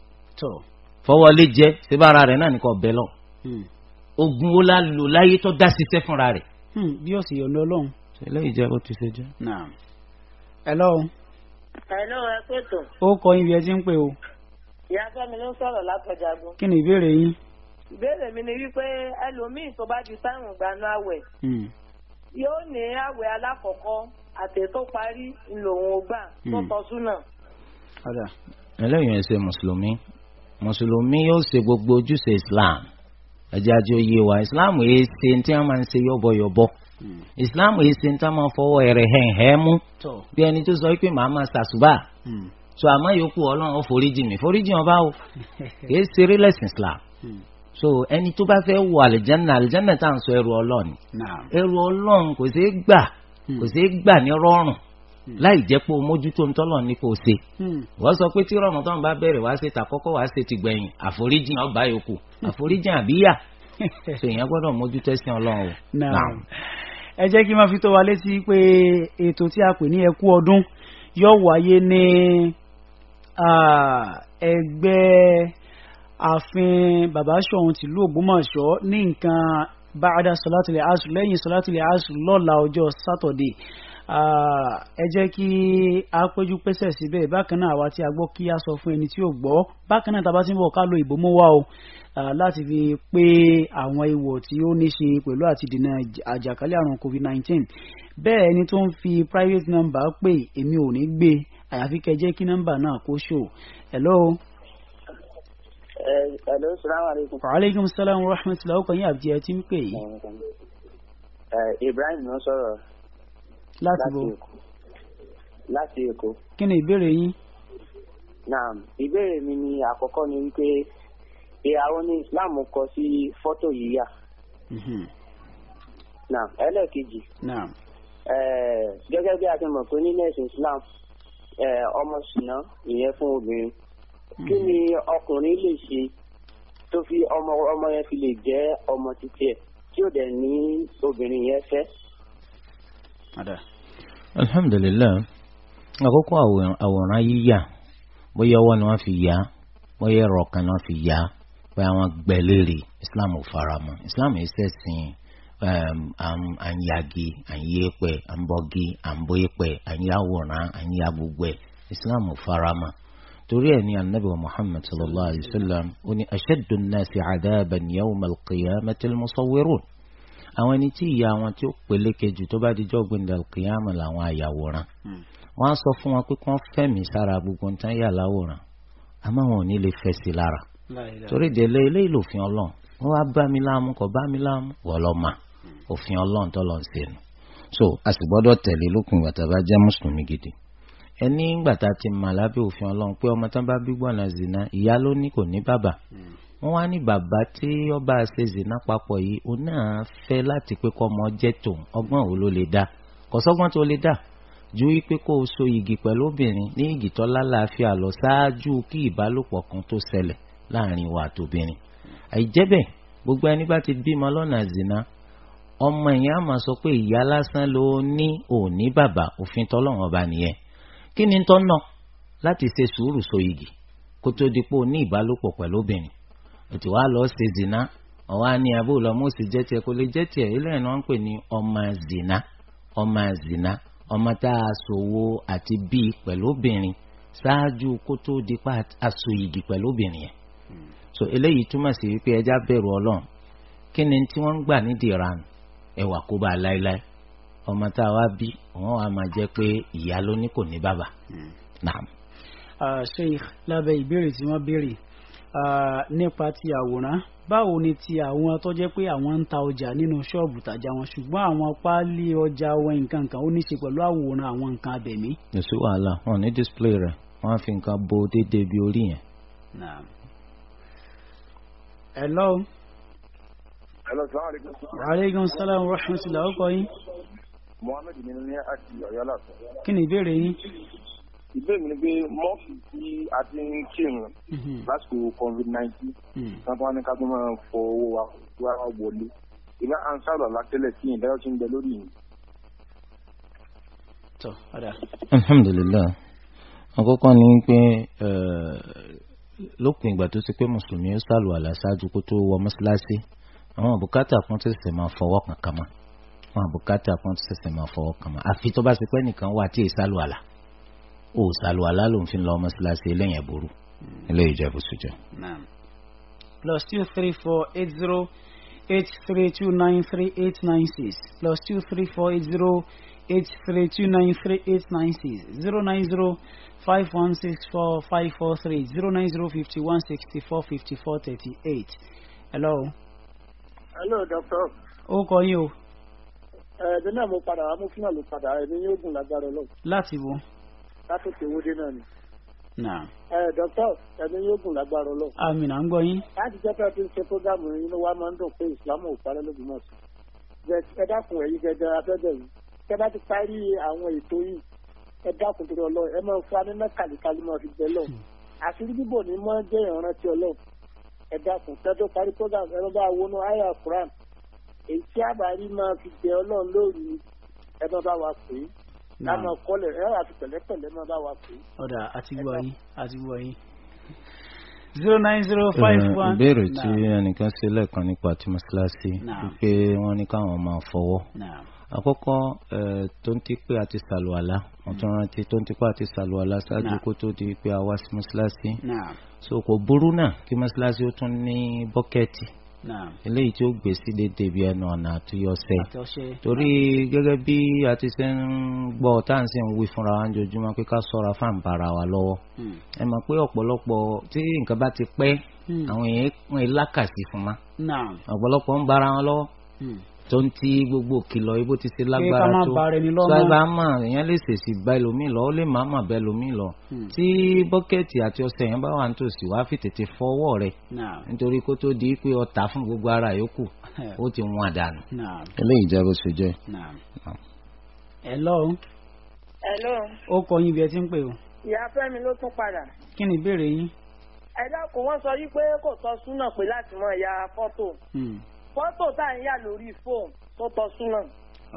Speaker 3: fọwọ́lé jẹ́ síbára rẹ̀ náà ní kò bẹ́ lọ hmm. ogun wo la lò láyé tó dá ṣiṣẹ́ fúnra rẹ̀.
Speaker 2: Hmm, bí ó sì yọ̀ǹda ọlọ́run.
Speaker 3: eléyìí jẹ́ bó ti
Speaker 2: ṣe jẹ́. hello.
Speaker 1: hello ẹ pé tó.
Speaker 2: ó kọ ibi ẹ ti ń pè o.
Speaker 1: ìyá fẹ́mi ló ń sọ̀rọ̀ látọ̀jagun. kí ni ìbéèrè yín. ìbéèrè mi ni wípé ẹlòmíín tó bá ju táwọn gbanú àwẹ̀ hmm. yóò ní àwẹ̀ alákọ̀ọ́kọ́ àtẹ̀tó parí ńlòun ò gbà tó tọ́sùn náà
Speaker 3: ẹlẹ́yìn ẹ̀sẹ̀ mùsùlùmí mùsùlùmí yóò ṣe gbogbo ojúṣe islam ẹ̀jẹ̀ àti wa islam yìí ṣe ní tí wọ́n máa ń ṣe yọ̀bọ̀yọ̀bọ̀ hmm. islam yìí ṣe ní tí wọ́n máa ń fọwọ́ ẹ̀rẹ̀ hẹ̀n hẹ́n mú bí ẹni tó sọ pé màá máa ṣàṣùbà hmm. so àmọ́ yòókù ọlọ́run ó foríjì mi foríjì wọn báwo <laughs> kì í ṣeré lẹ́sìn islam hmm. so ẹni tó bá fẹ́ wọ àlìjánná àlìjánná tá à ń sọ ẹrù ọlọ́run ẹrù ọlọ́run kò ṣeé gbà kò ṣeé gbà ní rọrùn Hmm. láì jẹ́ pé o mójútó ń tọ́lọ̀ ní kò ṣe. Hmm. wọ́n sọ pé tí Ramadan bá bẹ̀rẹ̀ wá ṣe tàkọ́kọ́ wá ṣe ti gbẹ̀yìn àforíjìn ọba yòókù hmm. àforíjìn àbíyà ṣe <laughs> èèyàn gbọ́dọ̀ mójútó ẹ̀sìn ọlọ́run
Speaker 2: o. ẹ jẹ́ kí n máa fi tó wa létí pé ètò tí a pè ní ẹkú ọdún yóò wáyé ní ẹgbẹ́ ààfin bàbá Ṣọ̀ún tìlú Ògbómọ̀ṣọ́ ní nǹkan báadà sọlátìlẹ̀ asù lẹ́yìn sọlátìlẹ̀ asù lọ́la ọjọ́ sátọ̀dẹ̀ ẹ jẹ́ kí a péjú pésẹ̀ síbẹ̀ bákan náà àwa tí a gbọ́ kí a sọ fún ẹni tí ò gbọ́ bákan náà tàbá tí ń bọ̀ ká lo ìbomú wa o láti fi pé àwọn ìwò tí ó ní ṣe pẹ̀lú àti dènà àjàkálẹ̀ àrùn covid-19 bẹ́ẹ̀ ẹni tó ń fi private number pè èmi ò ní gbé àyàfi kẹ́ jẹ́ kí nọ́mbà náà kó ṣò hello.
Speaker 1: Eh, hello salaam aleykum.
Speaker 2: waaleykum salaam wa rahmatulah ọkàn yín àbí ẹ ti ń pè yìí.
Speaker 1: Eh, Ibrahim ló sọ̀rọ̀ láti bo láti èkó.
Speaker 2: kí ni ìbéèrè yín.
Speaker 1: naam ìbéèrè mi ni àkọ́kọ́ ni wípé ìyàwó ní islam kọ sí fọ́tò yíyà. Mhm. naam ẹlẹ́ẹ̀kejì. naam. gẹ́gẹ́ bí a ti mọ̀ pé nílẹ̀ ẹ̀sìn islam ọmọ ṣìnà ìyẹn fún obìnrin mhm. kí ni ọkùnrin lè ṣe tó fi ọmọ ọmọ yẹn fi lè jẹ́ ọmọ títí ẹ̀ tí ó dẹ̀ ní obìnrin yẹn fẹ́
Speaker 3: alhamdulilayi àkókò àwòrán yíyà bóyá ọwọ́ ni wọ́n fi yà bóyá ẹ̀rọ kan ni wọ́n fi yà pé àwọn gbẹ̀lérè islam ò faramọ́ islam yìí sẹ́sìn ànyàgì um, ànyẹ́pẹ̀ ànbọ́gì ànbọ́yẹ́pẹ̀ ànyàwòrán ànyàgbùgbẹ̀ islam ò faramọ́ torí ẹ̀ ní anabi wa muhammad sallallahu alayhi wa sallam ó ní ashaddu an-nasi adaban yawma al-qiyamati al-musawwirun àwọn ẹni tí ìyá wọn tí ó peléke jù tó bá di jọ́gbìn dàlùkìyàmù làwọn àyàwòrán hmm. wọ́n á sọ fún wọn pé kí wọ́n fẹ̀mí sára gbogbo nǹkan yà láwòrán àmọ́ wọn ò ní lè fẹ̀sí lára torí délé eléyìí lòfin ọlọ́run wọ́n wá bá mi láàmú kò bá mi láàmú wọ́n lọ mà hmm. òfin ọlọ́run tó lọ́n ṣe nù so a sì gbọ́dọ̀ tẹ̀lé lókun ìgbà tá a bá jẹ́ mùsùlùmí gidi ẹni ìgbà tá a ti mà lábẹ́ òfin ọlọ́run pé ọmọ tán bá bí gbọ́nà zina ìyá ló ní kò ní bàbá hmm wọ́n wá ní bàbá tí ọba àṣezì náà papọ̀ yìí òun náà fẹ́ láti pé kọ́ ọmọ jẹ́ tòun ọgbọ́n wo ló lè dá kọ́sọ́gbọ́n tó lè dá ju wípé kó o so igi pẹ̀lú obìnrin ní igi tó lálàáfíà lọ ṣáájú kí ìbálòpọ̀ kan tó ṣẹlẹ̀ láàrin wa àtòbìnrin àìjẹ́ bẹ́ẹ̀ gbogbo ẹni bá ti bímọ lọ́nà zina ọmọ ìyẹn á sọ pé ìyá lásán ló ní òní bàbá òfin tọ́lọ́run ọba nìyẹn kí ni tọ́ náà láti ṣe sùúrù so igi kó tó di pé o ní ìbálòpọ̀ pẹ̀lú obìnrin òtù wa lọ ṣe zina ọwọ́ á ní abó lọ́mú ó sì lè jẹ́ ilé ni ń pè ní ọmọ zina ọmọ zina ọmọ tá a ṣòwò àti bíi pẹ̀lú obìnrin ṣáájú kó tó di pa aṣọ pẹ̀lú obìnrin yẹn so eléyìí túmọ̀ sí wípé ẹja bẹ̀rù ọlọ́run kí ni tí wọ́n ń gbà nídìí ẹwà kó bá a láéláé ọmọ tá a wá bí wọn máa jẹ pé ìyá kò hmm.
Speaker 2: ah, tí wọ́n béèrè nípa ti àwòrán báwo ni ti àwọn tó jẹ́ pé àwọn ń ta ọjà nínú ṣọ́ọ̀bù tàjà wọn ṣùgbọ́n àwọn páálí ọjà wọn nǹkan kan ó ní ṣe pẹ̀lú àwòrán àwọn nǹkan abẹ̀mí.
Speaker 3: kò wàhálà wọn ní display rẹ wọn á fi nǹkan bo déédéé bí orí yẹn.
Speaker 2: hello.
Speaker 1: hello salaam aleykum.
Speaker 2: aleykum salaam wa rahmatulah ọkọ yín.
Speaker 1: muhammed ni ní àti ọ̀yọ́ làkọ́. kí ni ìbéèrè yín ìbéèrè ni pé mọ́ọ̀fì tí a ti ń kírun mhm. lásìkò covid nineteen náà tó wá ní ká tó máa fọ owó wa wá wọlé ìbá ansáàlù alátẹ́lẹ̀ sí ìdájọ́ tí ń bẹ lórí yìí. tó ọ̀dà.
Speaker 3: alhamdulilayi àkọ́kọ́ ni pé lópin ìgbà tó ti pé mùsùlùmí ó sàlù àlàsájú kó tó wọ mọ́ṣáláṣí àwọn àbùkátà kan tó ṣẹ̀ṣẹ̀ máa fọwọ́ kankan mọ́ àwọn àbùkátà kan tó ṣẹ̀ṣẹ̀ máa fọwọ́ kankan mọ́ àfi tó bá ti pẹ́ nìkan wà tí ì sàlù àlà ò sàlùwàlá ló ń fi lọ mọ́ṣáláṣí lẹ́yìn ẹ̀bùrú ilé ìjẹ́bù sùjọ.
Speaker 2: plus two three four eight zero eight three two nine three eight nine six plus two three four eight zero eight three two nine three eight nine six zero nine zero five one six four five four three zero nine zero fifty one sixty four fifty four thirty eight. hello.
Speaker 1: hello doctor. ó kọ yín o. ẹ̀ẹ́dẹ̀ náà mo padà amúfínà ló padà ẹ̀mí yóò gùn lágbára ọlọ́run. láti wo. látòkè owó dé ni. ẹ dọ́kítọ̀ ẹni yóò gùn lágbára lọ.
Speaker 2: àmì náà ń gbọ́ yín.
Speaker 1: láti jẹ́ pé ẹ ti ń ṣe fúgàmù yín máa ń dùn pé ìsìlámù ò parẹ́ lóbi sí. ẹ dákun gẹ́gẹ́ abẹ́bẹ̀ yìí bá ti parí àwọn ètò yìí ẹ dákun ni mọ́ jẹ́ ìrántí ọlọ́ ẹ dákun tó parí ẹ láàmú ọkọlẹ̀ ẹ àti pẹ̀lẹ́pẹ̀lẹ́ máa bá wa pè é.
Speaker 2: ọ̀dà àti gbọ́ yín àti gbọ́ yín.
Speaker 3: zero nine zero five one. ìbéèrè tí ẹnìkan ṣe lẹ́ẹ̀kan nípa tí mọ́ṣáláṣí wípé wọ́n ní káwọn máa fọwọ́. àkọ́kọ́ tó ń ti pé a ti ṣàlùwàlá wọ́n tún mm. rántí tó ń ti pé a ti ṣàlùwàlá ṣáájú kó tó di pé a wá sí mọ́ṣáláṣí. so kò burú náà kí mọ́ṣáláṣí ó tún ní bọ́kẹ́ẹ̀tì eléyìí tí ó gbé sí déédéé bí ẹnu ọ̀nà àtúyọ̀sẹ̀ torí gẹ́gẹ́ bí a ti ṣe ń gbọ́ tá à ń ṣe ń wí fúnra wa lójoojúmọ́ pé ká sọ̀ra fáǹ bara wa lọ́wọ́ hmm. ẹ mọ̀ pé ọ̀pọ̀lọpọ̀ tí nǹkan bá ti pẹ́ hmm. àwọn èèyàn ń lákàsí fún ma ọ̀pọ̀lọpọ̀ ń bara wọn lọ́wọ́ hmm tó ń ti gbogbo kìlọ̀ ibo ti ṣe lágbára tó sábà mà èèyàn lè ṣèṣì bá ẹlòmíì lọ ó lè má mà bá ẹlòmíì lọ hmm. tí bọ́kẹ́tì àti ọṣẹ yẹn bá wà nítòsí wàá fi tètè fọwọ́ rẹ̀ nítorí kó tó di pé ọta fún gbogbo ara yòókù <laughs> ó ti wọn àdánù. eléyìí jẹ́ bó ṣe jẹ́. hello. hello. ó kọ
Speaker 2: yín bí ẹ ti ń pè o.
Speaker 1: ìyá fẹ́mi ló tún padà.
Speaker 2: kí ni ìbéèrè yín.
Speaker 1: ẹ dákun wọn sọ yí pé kò tọ́ súnà pé láti mọ ìyá fọ́tò. Hmm fọ́tò tá à ń yà lórí fóònù tó tọ́ súnà.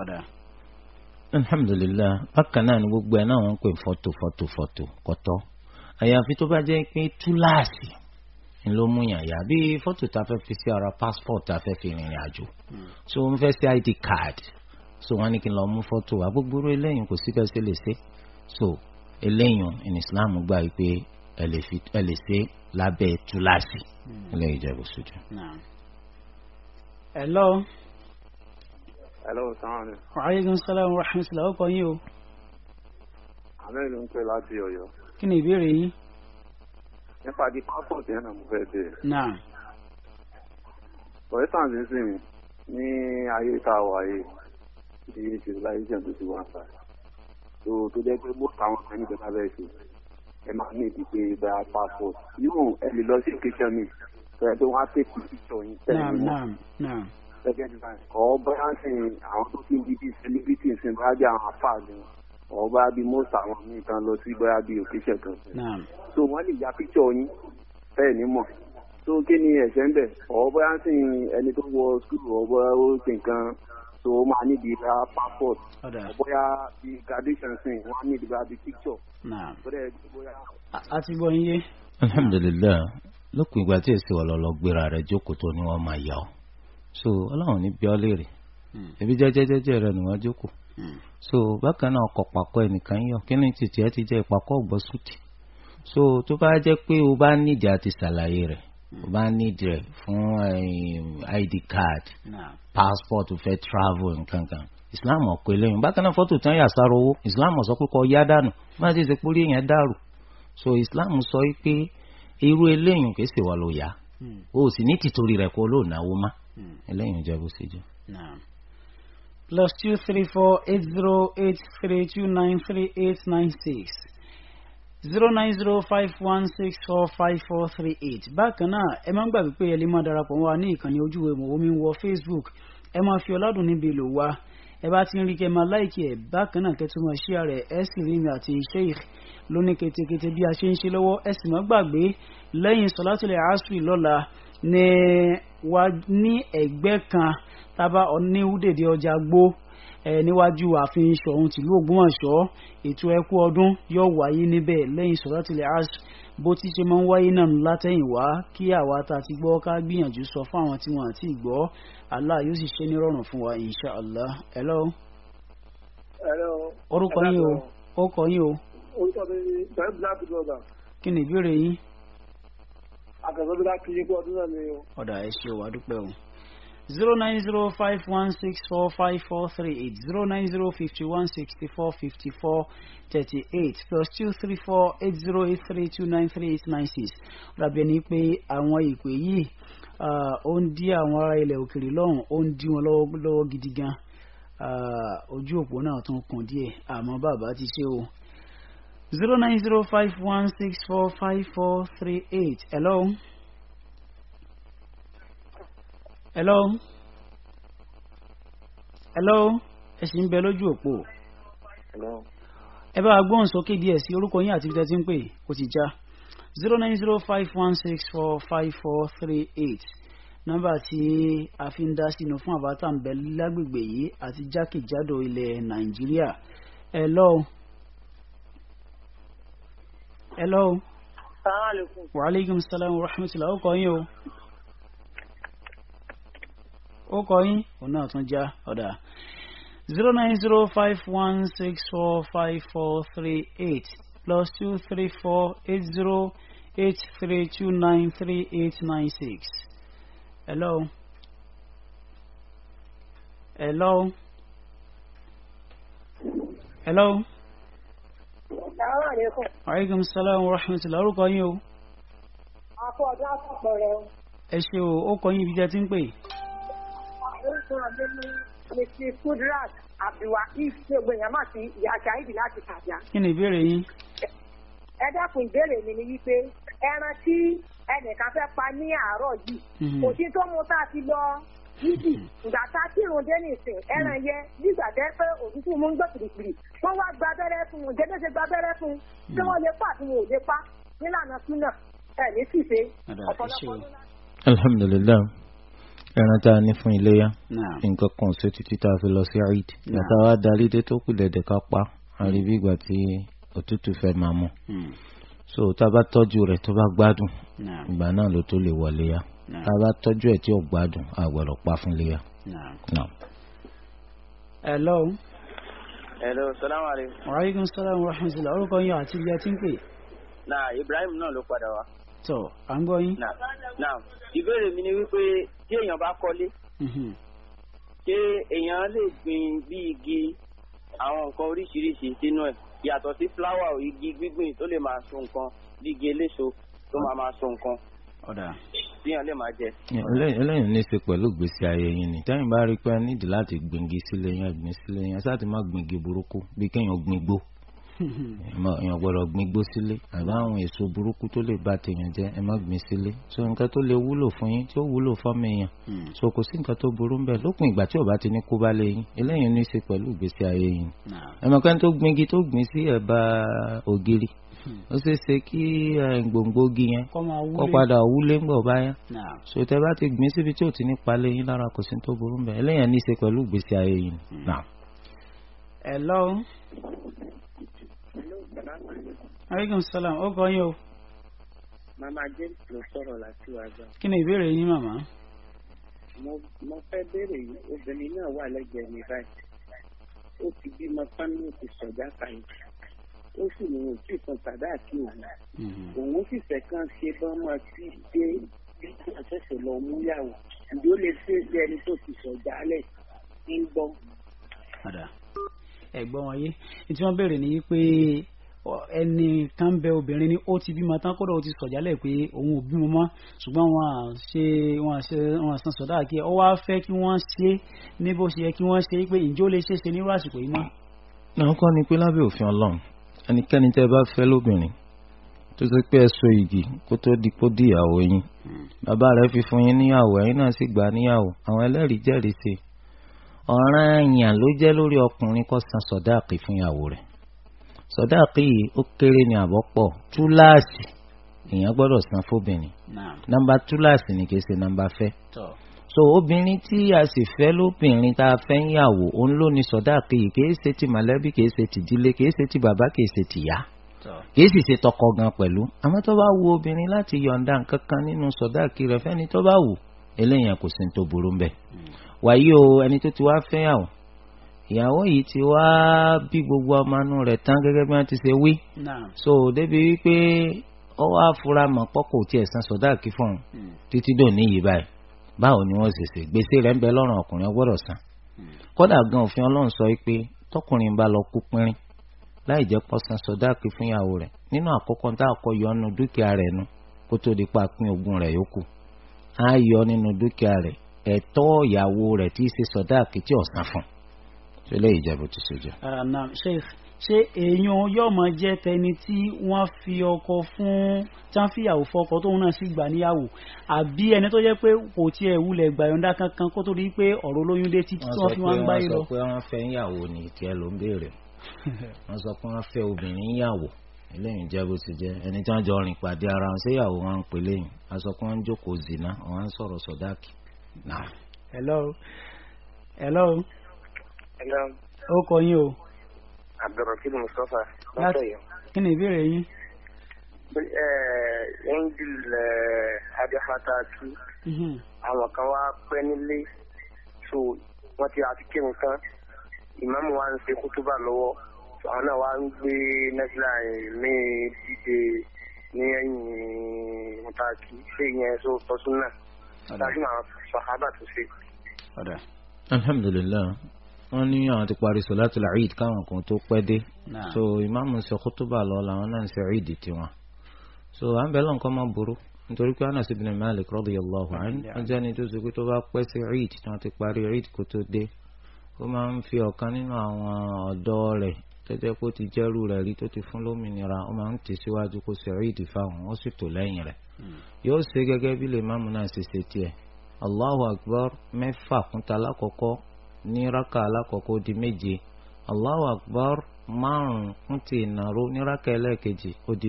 Speaker 3: ọ̀dà alhamdulilayi bákan náà ni gbogbo ẹ náà wọ́n ń pè fọ́tò fọ́tò fọ́tò kọ́tọ́ àyàfi tó bá jẹ́ pé túláàsì ni ló mú yàn yà bí fọ́tò tá a fẹ́ fi sí ara passport tá a fẹ́ fi rìnrìn àjò hmm. so wọ́n fẹ́ sí id card so wọ́n ní kí n lọ mú fọ́tò wa gbogbo eléyìí kò sí fẹ́ẹ́ ṣe lè ṣe so eléyìí in Islam gbà yìí pé ẹ lè ṣe lábẹ́ túláàsì hmm. eléyìí jẹ́ bó ṣojú
Speaker 2: hello.
Speaker 1: hello sàmánì.
Speaker 2: waaleykum salaam wa rahmatulah ọkọ yín o.
Speaker 1: àmì ló ń pè láti Ọ̀yọ́.
Speaker 2: kí ni ìbéèrè yín.
Speaker 1: nípa di passport yẹn náà mo fẹ́ dé. náà. bọ̀dé sàǹsì sì ní ayé tá a wà yìí ní civilization tó ti wà fà tó tó jẹ́ pé most àwọn kan níbi tá a bẹ̀ ṣe ẹ máa ní ìdí pé bá a passport yóò ẹ lè lọ sí kíkẹ́ mi tẹ pé wọn á tètè títọ yín tẹ́lẹ̀ wọn gẹ́gẹ́ bí báyìí ọ bóyá ń sìn àwọn tó ti ń di bíi celebrity sìn bóyá bí àwọn afa ni ọ bá bí most àwọn míì kan lọ sí bóyá bí òkèṣẹ kan so wọn lè ya píkṣọ yín bẹ́ẹ̀ ni mọ so kí ni ẹsẹ ń bẹ ọ bóyá ń sìn ẹni tó wọ skul ọ bóyá ó sì nǹkan so ó máa níbi ra passport bóyá bí graduation sìn wọn níbi ra bí píkṣọ bóyá.
Speaker 2: a ti gbọ́ yín
Speaker 3: alhamdulilayi lópin ìgbà tí èsì ọlọlọ gbéra rẹ̀ jókòó tó ní wọn máa yà ọ so Ọlọ́run ní bíọ léèrè ebi hmm. jẹjẹjẹjẹ rẹ̀ ni wọn jókòó hmm. so bákan náà ọkọ pàkọ ẹnìkan yọ kí ni tìtì ẹ ti jẹ ìpàkọ ọgbọsùtì so tó bá jẹ pé o bá nídìí àti ṣàlàyé rẹ̀ o bá nídìí rẹ̀ fún eh, id card passport fẹ́ travel nǹkan kan islam ọ̀pẹ lẹ́yìn bákan náà fọ́tò tán yàtọ̀ owó islam sọ pé kọ́ yá dànù má ti ṣe pórí èèyàn dàrú so islam sọ pé irú eléyìí kò sì wà ló yá hmm. o sì ní tìtorí rẹ̀ kó ló náwó má hmm. eléyìí jẹ́ bó ṣe jẹ́.
Speaker 2: plus two three four eight zero eight three two nine three eight nine six zero nine zero five one six four five four three eight bákan náà ẹ máa ń gbàgbé pé ẹ lè máa darapọ̀ wá ní ìkànnì ojúwe mọ̀ omi wọ Facebook ẹ máa fi ọ̀làdùn níbi ìlò wa ẹ bá ti ń rí kẹ máa láìkí ẹ bákan náà kẹtù máa ṣí ààrẹ ẹ sì rí mi àti sheikh lóní ketekete bí a ṣe ń ṣe lọ́wọ́ ẹ sì má gbàgbé lẹ́yìn sọlátìlẹ̀ asri lọ́la ní wa ní ẹ̀gbẹ́ kan tábà ní dèdè ọjà gbó níwájú ààfin ṣọ̀ún tìlú ògbómọ̀ṣọ́ ètò ẹkú ọdún yóò wáyé níbẹ̀ lẹ́yìn sọlátìlẹ̀ asri bó ti ṣe máa ń wáyé náà látẹ̀yìnwá kí àwa tá ti gbọ́ ká gbìyànjú sọ fún àwọn tí wọ́n àti ìgbọ́ Allah yóò sì ṣe ní rọrùn fún wa insha Allah hello.
Speaker 1: hello. orúkọ yín o orúkọ yín o. orúkọ mi ni bẹ́ẹ̀ black brother.
Speaker 2: kí ni ìbéèrè yín.
Speaker 1: àtẹ̀sọ́bí láti yí kú ọdún náà ni o.
Speaker 2: ọ̀dà ẹ ṣe wàá dúpẹ́ o zero nine zero five one six four five four three eight zero nine zero fifty one sixty four fifty four thirty eight plus two three four eight zero eight three two nine three eight nine six rabi ẹni pé àwọn ìpè yìí ó ń dí àwọn ará ilẹ̀ òkèrè lọ́rùn ó ń dí wọn lọ́wọ́ gidi gan ah, ojú òpó náà tún kùn díẹ̀ àmọ́ bàbá ti ṣe o zero nine zero five one six four five four three eight hello. hello. hello. ẹ sì ń bẹ lójú òpó. hello. ẹ bá a gbóhùn sókè díẹ̀ sí orúkọ yín àti ibi tẹ́ ti ń pè kó ti já. Zero 09051645438 nọ́mbà tí a fi ń dá sínú fún àbátan bẹ lágbègbè yìí àti jákèjádò ilẹ̀ nàìjíríà hello hello. salaamaleykum. waaleykum salaam wa rahmatulah ó kọ́ yín o ó kọ yín òun náà tún já ọ̀dà zero nine zero five one six four five four three eight plus two three four eight zero eight three two nine three eight nine six. Hello. Hello. Hello.
Speaker 1: salaamaleykum.
Speaker 2: aleykum salaam wa rahmatulah orúkọ yín o.
Speaker 1: akọ ọjọ àpapọ̀ rẹ o.
Speaker 2: ẹ ṣe o ó kọ yín ibi jẹ tí ń pè.
Speaker 1: orúkọ mi ni mrs kudrat abdulwakil ṣe ògbẹ́yàmá sí ìyá ṣáídì láti kàjá.
Speaker 2: kí ni ìbéèrè yín.
Speaker 1: ẹ dákun ìbéèrè mi ni wípé ẹran tí ẹnìkan fẹ́ pa ní àárọ̀ yìí mhm. kò sí tó mú tá a ti lọ yídì mhm. ìgbà tá a kírun dé nìsín ẹran mhm. yẹn nígbà tẹ pé òtútù mú ń gbọ́ pìrìpìrì wọ́n wá gba abẹ́rẹ́ fún un jẹ́jẹ́ ṣe gba abẹ́rẹ́ fún un tí wọ́n lè pa àti wọn ò lè pa nílànà súnà ẹ̀ ní ṣìṣe
Speaker 3: ọ̀pọ̀lọpọ̀ ẹran tá a ní fún iléyá nǹkan kan ṣe títí tá a fi lọ sí àìd ìgbà tá a wá darí dé tó kù dẹ̀dẹ̀ ká pa àríbí ìgbà tí òtútù fẹ́ máa mú hmm. so tá a bá tọ́jú rẹ̀ tó bá gbádùn ìgbà náà ló tó lè wọlé ya tá a bá tọ́jú ẹ̀ tí ò gbádùn a gbọ́dọ̀ pa fún lé ya.
Speaker 2: hello.
Speaker 1: hello salaam aleykum.
Speaker 2: wa aleykum salaam wa rahmatulah orúkọ yín àti ilé tí ń pè.
Speaker 1: na Ibrahim náà ló padà wá.
Speaker 2: tó à ń gbọ́ yín.
Speaker 1: na ìbéèrè mi ni wípé tí èèyàn bá kọ́lé mhm. ṣé èèyàn lè gbin bí igi àwọn nǹkan oríṣiríṣi sínú ẹ̀ yàtọ̀ sí fúláwà ò igi gbígbìn tó lè máa so nǹkan bí igi eléso tó máa máa so nǹkan tíyàn lè máa jẹ.
Speaker 3: eléyìí ní ṣe pẹ̀lú ìgbésí ayé yín ni tẹ́yìn bá rí pé nídìí láti gbìngì sílé yẹn gbìn sílé yẹn sáà ti má gbìngì burúkú bí kéèyàn gbìn èèyàn gbọ́dọ̀ gbin igbó sílé àbá àwọn èso burúkú tó lè ba tèèyàn jẹ́ ẹ gbin sílé so nǹkan tó lè wúlò fún yín tí ó wúlò fọ́mọ èèyàn hmm. so kò sí nǹkan tó burú ń lópin ìgbà tí ò ti ní kó bá lé yín eléyìí ní í ṣe pẹ̀lú ìgbésí ayé yín ẹ̀mọ̀kan tó gbin igi tó gbin sí ẹ̀bá ògiri hmm. ó ṣeé ṣe kí gbòǹgbògi yẹn kó padà wúlé ńgbà ọba yẹn so tẹ bá ti gbin síbi tí ò ti ní palẹ̀ yín lára kò sí tó burú ń eléyìí ní í ṣe pẹ̀lú ìgbésí ayé yín. Hmm.
Speaker 2: Hello aleykum salaam ó kọ yín o.
Speaker 1: màmá james ló sọ̀rọ̀ láti wájú.
Speaker 2: kí ni ìbéèrè yín màmá.
Speaker 1: mo mo fẹ́ béèrè yìí obìnrin náà wà lẹ́gbẹ̀ẹ́ mi báyìí ó ti bímọ tán ní oṣù sọ̀dá kan ó sì ní ojú ìfún sàdá àti òun mm-hmm. òun sì fẹ́ kàn ṣe bọ́n mọ́ sí dé bí wọ́n ṣẹ̀ṣẹ̀ lọ mú yàwó ìdí ó lè ṣe bí ẹni tó ti sọ̀dá lẹ̀ ń gbọ́
Speaker 2: ẹ̀gbọ́n wọn yé tí wọ́n béèrè ní pé ẹnì kan bẹ obìnrin ni ó ti bímọ tán kódà ó ti sọ̀jálẹ̀ pé òun ò bímọ mọ́ ṣùgbọ́n wọn à ṣe wọn à ṣe wọn à san sọ̀dá kí ọ wá fẹ́ kí wọ́n ṣe ní bó ṣe yẹ kí wọ́n ṣe pé ǹjẹ́ lè ṣe ṣe nírú àsìkò yìí mọ́.
Speaker 3: náà kọ́ ni pé lábẹ́ òfin ọlọ́run ẹnikẹ́ni tẹ́ ẹ bá fẹ́ lóbìnrin tó ṣe pé ẹ so igi kó tó di kó di ìyàwó yín hmm. bàbá rẹ̀ fi fún yín níyàwó ẹ̀yin náà sì gbà níyàwó àwọn ẹlẹ́rìí jẹ́rìí sí i ọ̀ràn yàn ló jẹ́ lórí ọkùnrin kó san sọ̀dáàkì fún ìyàwó rẹ̀ sọ̀dáàkì yìí ó kéré ní àbọ̀pọ̀ túláàsì èèyàn gbọ́dọ̀ san fóbìnrin nàmbà túláàsì ni kìí ṣe nàmbà fẹ́ so obìnrin tí a sì fẹ́ lóbìnrin tá a fẹ́ ń yàwó òun ló ní sọ̀dáàkì yìí kìí ṣe ti mọ̀lẹ́bí kìí ṣe ti dílé kìí ṣe ti bàbá kìí ṣe ti yá kìí sì ṣe tọkọ gan pẹ̀lú àmọ́ tó bá wu obìnrin láti yọ̀ǹda nǹkan kan nínú sọ̀dáàkì rẹ̀ fẹ́ni tó bá wù eléyàn kò sí ní tó burú ń bẹ̀. Hmm wàyí o ẹni tó ti wá fẹ́yàwó ìyàwó yìí ti wá bí gbogbo ọmọ inú rẹ̀ tán gẹ́gẹ́ bí wọ́n ti ṣe wí. so débi wípé ó wá fura mọ̀ pọ́kò tiẹ̀ san sọ̀dá kí fún un hmm. títí dòní yìí báyìí báwo ni wọ́n ṣe ṣe gbèsè rẹ̀ ń bẹ lọ́rùn ọkùnrin ọgbọ́dọ̀ san. Hmm. kódà gan òfin ọlọ́run sọ pé tọkùnrin bá lọ kú pínrín láì jẹ́ pọ́ san sọ̀dá kí fún ìyàwó rẹ̀ nínú àkọ́kọ́ tá a kọ́ yọ nínú dúkìá rẹ̀ nu kó tó di pa pín ogún rẹ̀ yókù á yọ nínú dúkìá rẹ̀ ẹ̀tọ́ ìyàwó rẹ̀ tí í ṣe sọ̀dá àkìtì ọ̀sán fún ṣe lè ìjẹ́bù tó ṣe jẹ́.
Speaker 2: Ah, ṣé èèyàn yóò máa jẹ́ tẹni tí wọ́n fi ọkọ fún tánfìyàwó fọkọ tóun náà sì gbà níyàwó àbí ẹni tó jẹ́ pé kò tiẹ̀ wulẹ̀ gbàyọ̀ǹda kankan kó tó rí pé ọ̀rọ̀ olóyún dé títí tí wọ́n fi wọ́n ń gbáyé lọ. wọ́n sọ
Speaker 3: pé wọ́n fẹ́ ni tiẹ̀ ló ń béèrè <laughs> wọ́n sọ pé wọ́n fẹ́ obìnrin yàwó eléyìí jẹ́ bó ti jẹ́ ẹni tí wọ́n jọ rìn pàdé ara wọn ṣé yàwó wọn ń pè léyìn aṣọ kí wọ́n ń jókòó zina wọ́n ń sọ̀rọ̀ sọ̀dáàkì
Speaker 2: Nah. Hello. Hello. Hello. Ó kọ yín
Speaker 3: o.
Speaker 1: Abdulrahman Mustapha. Láti kí ni ìbéèrè yín? Angel Adéfata tú. Mhm. Àwọn kan wá pẹ́ nílé. So wọ́n ti àti kírun tán. Ìmáàmù wa ń ṣe kútúbà lọ́wọ́. Àwọn náà wá ń gbé Nẹ́sílà mi dìde ní ẹ̀yìn mọ́tàkì. Ṣé ìyẹn sọ tọ́sún náà? Tàbí màá sàhábà tó ṣe.
Speaker 3: ọ̀dà alhamdulilayi wọ́n ní àwọn ti parí sọ̀láàtì làáìd káwọn kan tó pẹ́ dé so ìmáàmù ṣe kútúbà lọ làwọn náà ń ṣe ìdí tiwọn so à ń bẹ lọ́n kọ́ máa burú nítorí pé Anas ibn Malik radiyallahu anhu ọjọ́ ẹni tó ṣe pé tó bá pẹ́ sí ìd tí wọ́n ti parí ìd kó tó dé ó máa ń fi ọ̀kan nínú àwọn ọ̀dọ́ rẹ̀ tẹ́tẹ́ kó ti jẹ́rú rẹ̀ rí tó ti fún lómìnira ó máa ń tì kó ṣe ìd fáwọn ó sì tò lẹ́yìn rẹ̀ hmm. yóò ṣe gẹ́gẹ́ bí lè máàmù náà ṣe ṣe tiẹ̀ allahu akbar mẹ́fà kúnta alákọ̀ọ́kọ́ ní raka alákọ̀ọ́kọ́ ó di méje allahu akbar márùn-ún kúntì ìnáró ní raka ẹlẹ́ẹ̀kejì ó di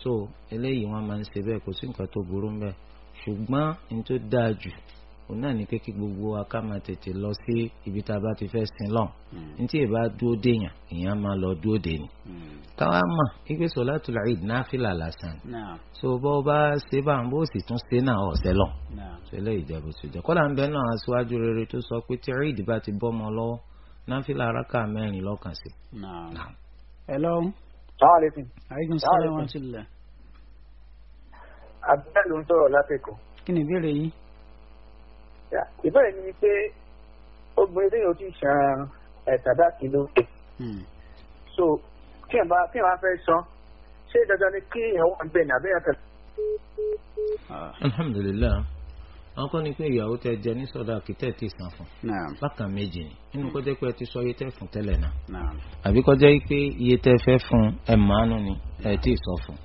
Speaker 3: so eléyìí wọ́n máa ń ṣe bẹ́ẹ̀ kò sí nǹkan tó burú ń ṣùgbọ́n òun náà ní kékeré gbogbo wa ká máa tètè lọ sí ibi tá a bá ti fẹ́ sin lọ́n hmm. ní tí ìbá dúró déyàn èèyàn máa lọ dúró dé ni. Hmm. káwa mọ̀ igbe solatul Eid náfìlà lásán so bó bá ṣe bá ń bó sì tún ṣe náà ọ̀sẹ̀ lọ. ṣe ìjẹ́bù sójà kọ́lá ń bẹ náà aṣáájú rere tó sọ pé tí Eid bá ti bọ́ ọmọ lọ́wọ́ náfìlà araka mẹ́rin lọ́kàn sí.
Speaker 2: ẹ lọ́wọ́. sọ́wọ́n aleykum. aleykum salaam wa
Speaker 1: rahmatulah ìbéèrè ni pé obìnrin tí yóò ti san ẹ̀sàdá eh, kìló hmm. so kí ẹ̀ bá kí ẹ̀ bá fẹ́ san ṣé dandan ni kí ẹ̀ wà bẹ́ẹ̀ ní tẹ̀lé. Ah,
Speaker 3: alhamdulilayi àwọn kan ní pé ìyàwó tẹ jẹ ní sọdá kìtẹ tí san fún bákan méjì ni nínú kó pé ẹ ti sọ iye tẹ fún tẹ́lẹ̀ náà àbí kó pé iye tẹ fẹ́ fún ẹ màánu ni ẹ tí sọ fún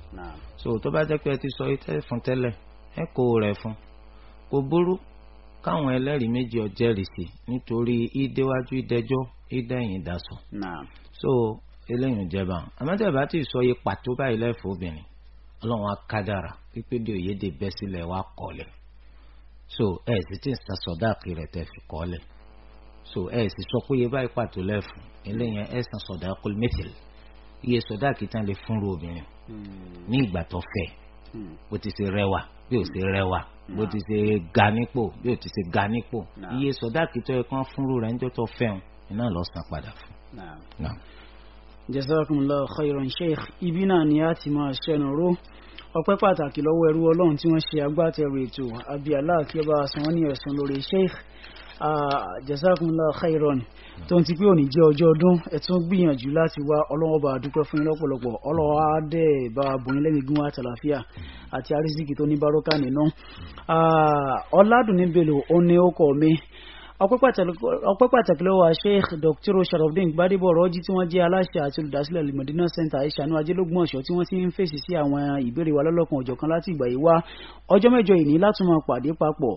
Speaker 3: so tó bá jẹ́ pé ẹ ti sọ iye tẹ fún tẹ́lẹ̀ ẹ kó rẹ fún kò burú káwọn ẹlẹ́rìí méjì ó sí nítorí ìdéwájú ìdẹjọ́ ìdẹ́yìn ìdásọ. so eléyìí jẹba àmọ́tẹ́bà ti sọ iye pàtó báyìí lẹ́fọ̀ obìnrin ọlọ́run akádàrà pípédé òyédè bẹ́ sílẹ̀ wá kọ́lẹ̀ so ẹ sì ti ń sàsọdáàkì rẹ̀ tẹ̀ fi kọ́lẹ̀ so ẹ sì sọ pé iye báyìí pàtó lẹ́fọ̀ eléyìí ẹ sàn sọdáàkì mẹ́tẹ̀lì iye sọdáàkì tán lè fúnru obìnrin hmm. ní ìgbà tó fẹ́ bó hmm. ti ṣe rẹwà bí ó ṣe rẹwà bó ti ṣe ga nípò bí ó ti ṣe ga nípò iye sọdáàkì tó yẹ kán fúnrú rẹ níjọ́ tó fẹ́hùn iná lọ san padà fún.
Speaker 2: jazakumullahu khairan sheikh ibi náà ni a ti máa ṣẹnu ró ọpẹ́ pàtàkì lọ́wọ́ ẹrú Ọlọ́run tí wọ́n ṣe agbátẹrù ètò àbí aláàkí àsanwó ní ẹ̀sùn lórí sheikh Ah, jazakumullahu khairan tó ń ti pé òní jẹ́ ọjọ́ ọdún ẹ tún gbìyànjú láti wá ọlọ́wọ́ bá dúpẹ́ fún yín lọ́pọ̀lọpọ̀ ọlọ́wọ́ á dẹ̀ bá bòyín lẹ́yìn gún àtàlàfíà àti arísíkì tó ní bárókà nínú. Ah, ọ̀làdùnníbelò ó ní ó kọ̀ mi ọpẹ́ pàtàkì lọ́wọ́ sheikh dr sharafdin gbadebo rọ́jí tí wọ́n jẹ́ aláṣẹ àti olùdásílẹ̀ limodina center ìṣànú ajẹ́lógún ọ̀ṣọ́ tí wọ́n ti ń fèsì sí àwọn ìbéèrè wa lọ́lọ́kan ọjọ́ kan láti ìgbà yìí wá ọjọ́ mẹ́jọ yìí ní látùmọ̀ pàdé papọ̀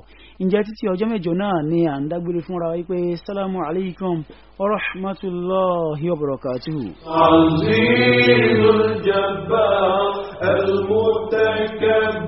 Speaker 2: ǹjẹ́ títí ọjọ́ mẹ́jọ náà ni à ń dágbére fúnra wa pé sálámù aleykum warahmatulahi wabarakatuhu.
Speaker 4: àǹtí ló